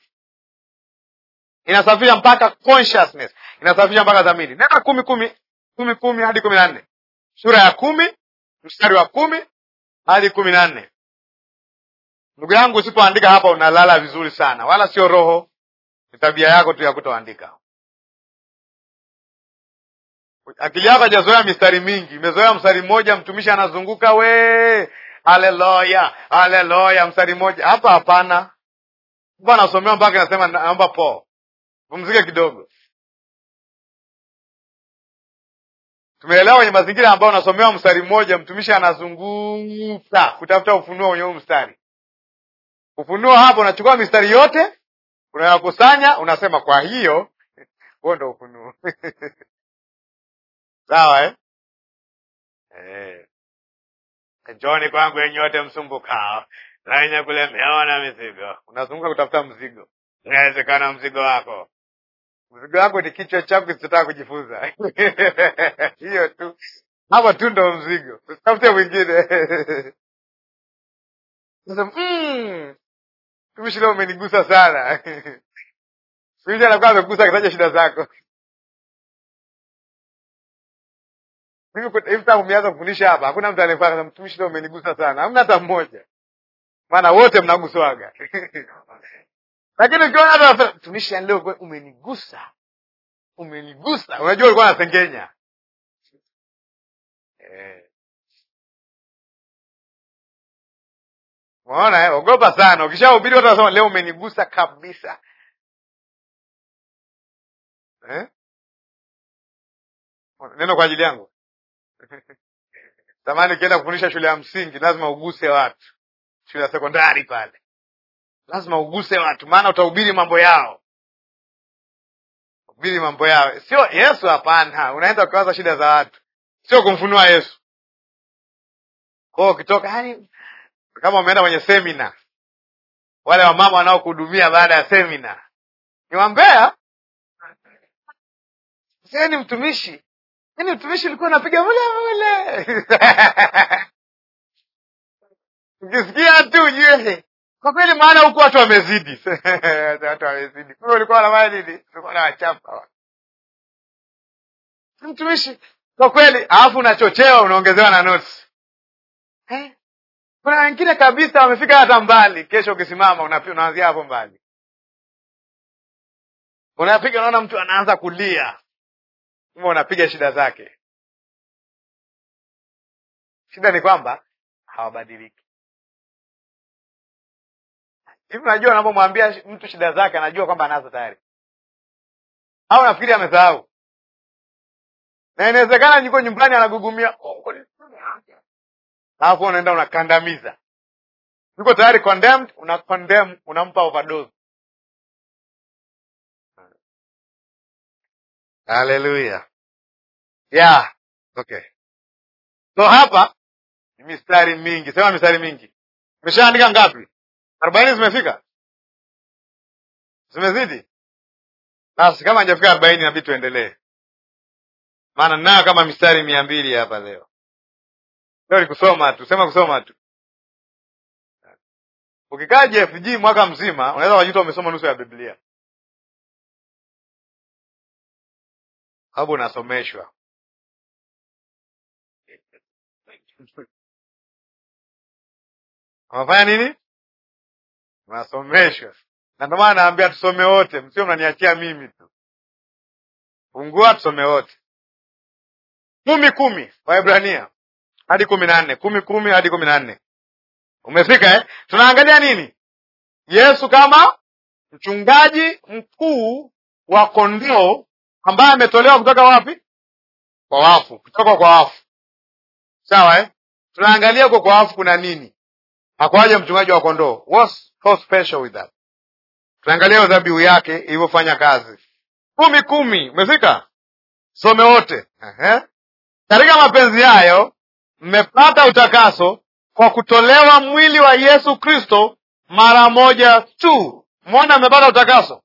inasafisha mpaka consciousness, inasafisha mpaka dhamiri. Nenda kumi kumi kumi kumi hadi kumi na nne sura ya kumi mstari wa kumi hadi kumi na nne. Ndugu yangu, usipoandika hapa unalala vizuri sana, wala sio roho, ni tabia yako tu ya kutoandika. Akili yako haijazoea mistari mingi, imezoea mstari mmoja, mtumishi anazunguka wee Haleluya, haleluya. Mstari mmoja hapa, hapana, nasomewa mpaka nasema naomba po pumzike kidogo. Tumeelewa kwenye mazingira ambayo unasomewa mstari mmoja, mtumishi anazungumza kutafuta ufunuo wenye huu mstari. Ufunuo hapo unachukua mistari yote unayakusanya, unasema kwa hiyo huo ndo ufunuo sawa eh? Eh njoni kwangu enyi wote msumbukao na wenye kulemewa na mizigo. Unazunguka kutafuta mzigo, inawezekana mzigo wako mzigo wako ni kichwa chako kisichotaka kujifunza. Hiyo tu, hapo tu ndo mzigo, tafute mwingine. Sasa tumishi mm, leo umenigusa sana. Tumishi anakuwa amegusa akitaja shida zako. Hivi tangu mmeanza kufundisha hapa hakuna mtu aliyefanya mtumishi, leo umenigusa sana. Hamna hata mmoja, maana wote mnaguswaga lakini ukiona hata mtumishi, yani leo umenigusa, umenigusa, unajua ulikuwa nasengenya eh. Unaona, eh, ogopa sana. Ukishahubiri watu wanasema leo umenigusa kabisa eh? Neno kwa ajili yangu Zamani ukienda kufundisha shule ya msingi lazima uguse watu, shule ya sekondari pale lazima uguse watu, maana utahubiri mambo yao, ubiri mambo yao, sio Yesu. Hapana, unaenda ukiwaza shida za watu, sio kumfunua Yesu kwao. Ukitoka yani, kama umeenda kwenye semina, wale wamama wanaokuhudumia baada ya semina ni wambea, sie ni mtumishi mini yaani utumishi ulikuwa unapiga mule mule ukisikia tu ujue kwa kweli, maana huku watu wamezidi, watu wamezidi. Kumbe ulikuwa unafanya nini? Ulikuwa na wachapa mtumishi kwa kweli, alafu unachochewa, unaongezewa na notes eh? Kuna wengine kabisa wamefika hata mbali, kesho ukisimama unaanzia hapo mbali, unapiga unaona mtu anaanza kulia ume unapiga shida zake. Shida ni kwamba hawabadiliki. Hivi najua unapomwambia mtu shida zake anajua kwamba anazo tayari, au nafikiri amesahau? Na inawezekana niko nyumbani anagugumia, oh, alafu unaenda unakandamiza. Niko tayari condemned, una condemn, unampa overdose Haleluya. Yeah. Okay. So hapa ni mistari mingi, sema mistari mingi. Umeshaandika ngapi? Arobaini zimefika? Zimezidi? Basi kama hajafika arobaini nabidi tuendelee, maana nayo kama mistari mia mbili hapa leo. Leo ni kusoma tu, sema kusoma tu. Ukikaa JFG mwaka mzima unaweza ukajuta umesoma nusu ya Biblia. hapo unasomeshwa unafanya nini? Unasomeshwa, na ndio maana naambia tusome wote, msio mnaniachia mimi tu. Fungua tusome wote, kumi kumi, Waebrania hadi kumi na nne kumi kumi hadi kumi na nne Umefika eh? Tunaangalia nini? Yesu kama mchungaji mkuu wa kondoo ambaye ametolewa kutoka wapi? Kwa wafu, kutoka kwa wafu. Sawa eh? Tunaangalia huko kwa wafu kuna nini? Hakuwaje mchungaji wa kondoo. What's so special with that? Tunaangalia dhabihu yake ilivyofanya kazi. Kumi kumi, umefika? Some wote. Eh? Katika mapenzi hayo mmepata utakaso kwa kutolewa mwili wa Yesu Kristo mara moja tu. Mwona, mmepata utakaso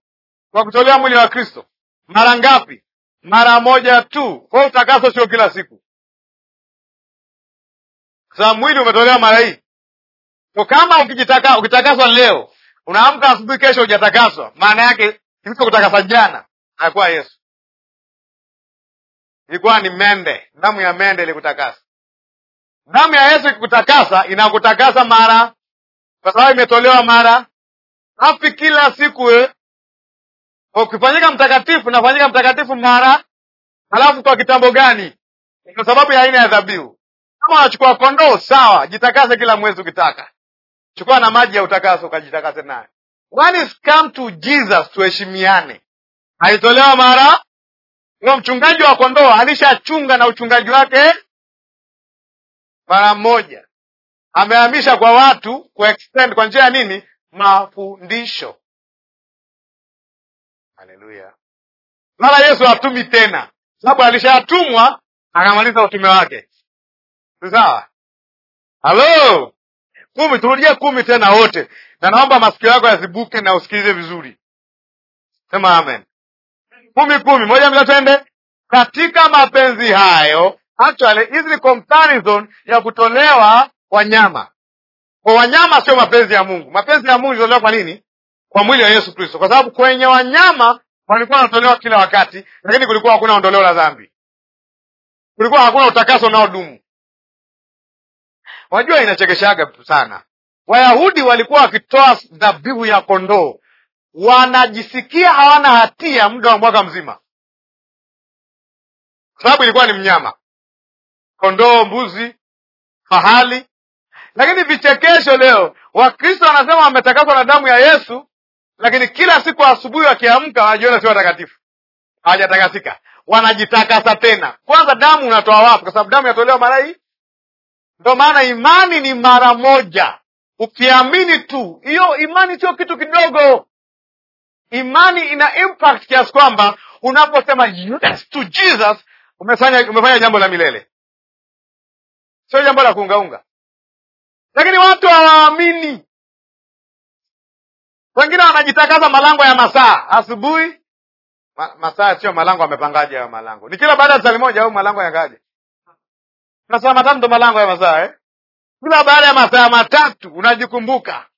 kwa kutolewa mwili wa Kristo mara ngapi? Mara moja tu. Kwa hiyo utakaso sio kila siku, kwa sababu mwili umetolewa mara hii. So kama ukijitaka, ukitakaswa leo unaamka asubuhi, kesho hujatakaswa, maana yake kilichokutakasa jana hakuwa Yesu, ilikuwa ni mende, damu ya mende ilikutakasa. Damu ya Yesu ikikutakasa, inakutakasa mara, kwa sababu imetolewa mara. Alafu kila siku eh, ukifanyika mtakatifu nafanyika mtakatifu mara, halafu kwa kitambo gani? Kwa sababu ya aina ya dhabihu. Kama unachukua kondoo, sawa, jitakase kila mwezi ukitaka, chukua na maji ya utakaso ukajitakase naye When come to Jesus, tuheshimiane. Alitolewa mara huyo mchungaji wa kondoo alishachunga na uchungaji wake mara mmoja, amehamisha kwa watu ku extend kwa njia ya nini? Mafundisho. Haleluya! Maana Yesu hatumi tena, sababu alishatumwa akamaliza utume wake, sawa? Halo, kumi, turudie kumi tena wote, na naomba masikio yako yazibuke na usikilize vizuri. Sema amen. Kumi kumi moja, mila twende katika mapenzi hayo. Actually hizi ni comparison ya kutolewa wanyama kwa wanyama, sio mapenzi ya Mungu. Mapenzi ya Mungu ilitolewa kwa nini? kwa mwili wa Yesu Kristo, kwa sababu kwenye wanyama walikuwa wanatolewa kila wakati, lakini kulikuwa hakuna ondoleo la dhambi, kulikuwa hakuna utakaso unaodumu. Wajua, inachekeshaga sana. Wayahudi walikuwa wakitoa dhabihu ya kondoo, wanajisikia hawana hatia muda wa mwaka mzima, kwa sababu ilikuwa ni mnyama, kondoo, mbuzi, fahali. Lakini vichekesho leo, Wakristo wanasema wametakaswa na damu ya Yesu, lakini kila siku asubuhi wakiamka wanajiona sio watakatifu, hawajatakasika, wanajitakasa tena. Kwanza damu unatoa wapi? Kwa sababu damu inatolewa mara hii. Ndo maana imani ni mara moja, ukiamini tu. Hiyo imani sio kitu kidogo. Imani ina impact kiasi kwamba unaposema yes to Jesus umefanya, umefanya jambo la milele, sio jambo la kuungaunga. Lakini watu hawaamini wengine wanajitangaza malango ya masaa asubuhi ma, masaa sio malango. Amepangaje hayo malango? Ni kila baada ya sali moja au malango yangaje? masaa matatu ndo malango ya masaa eh? Kila baada ya masaa matatu unajikumbuka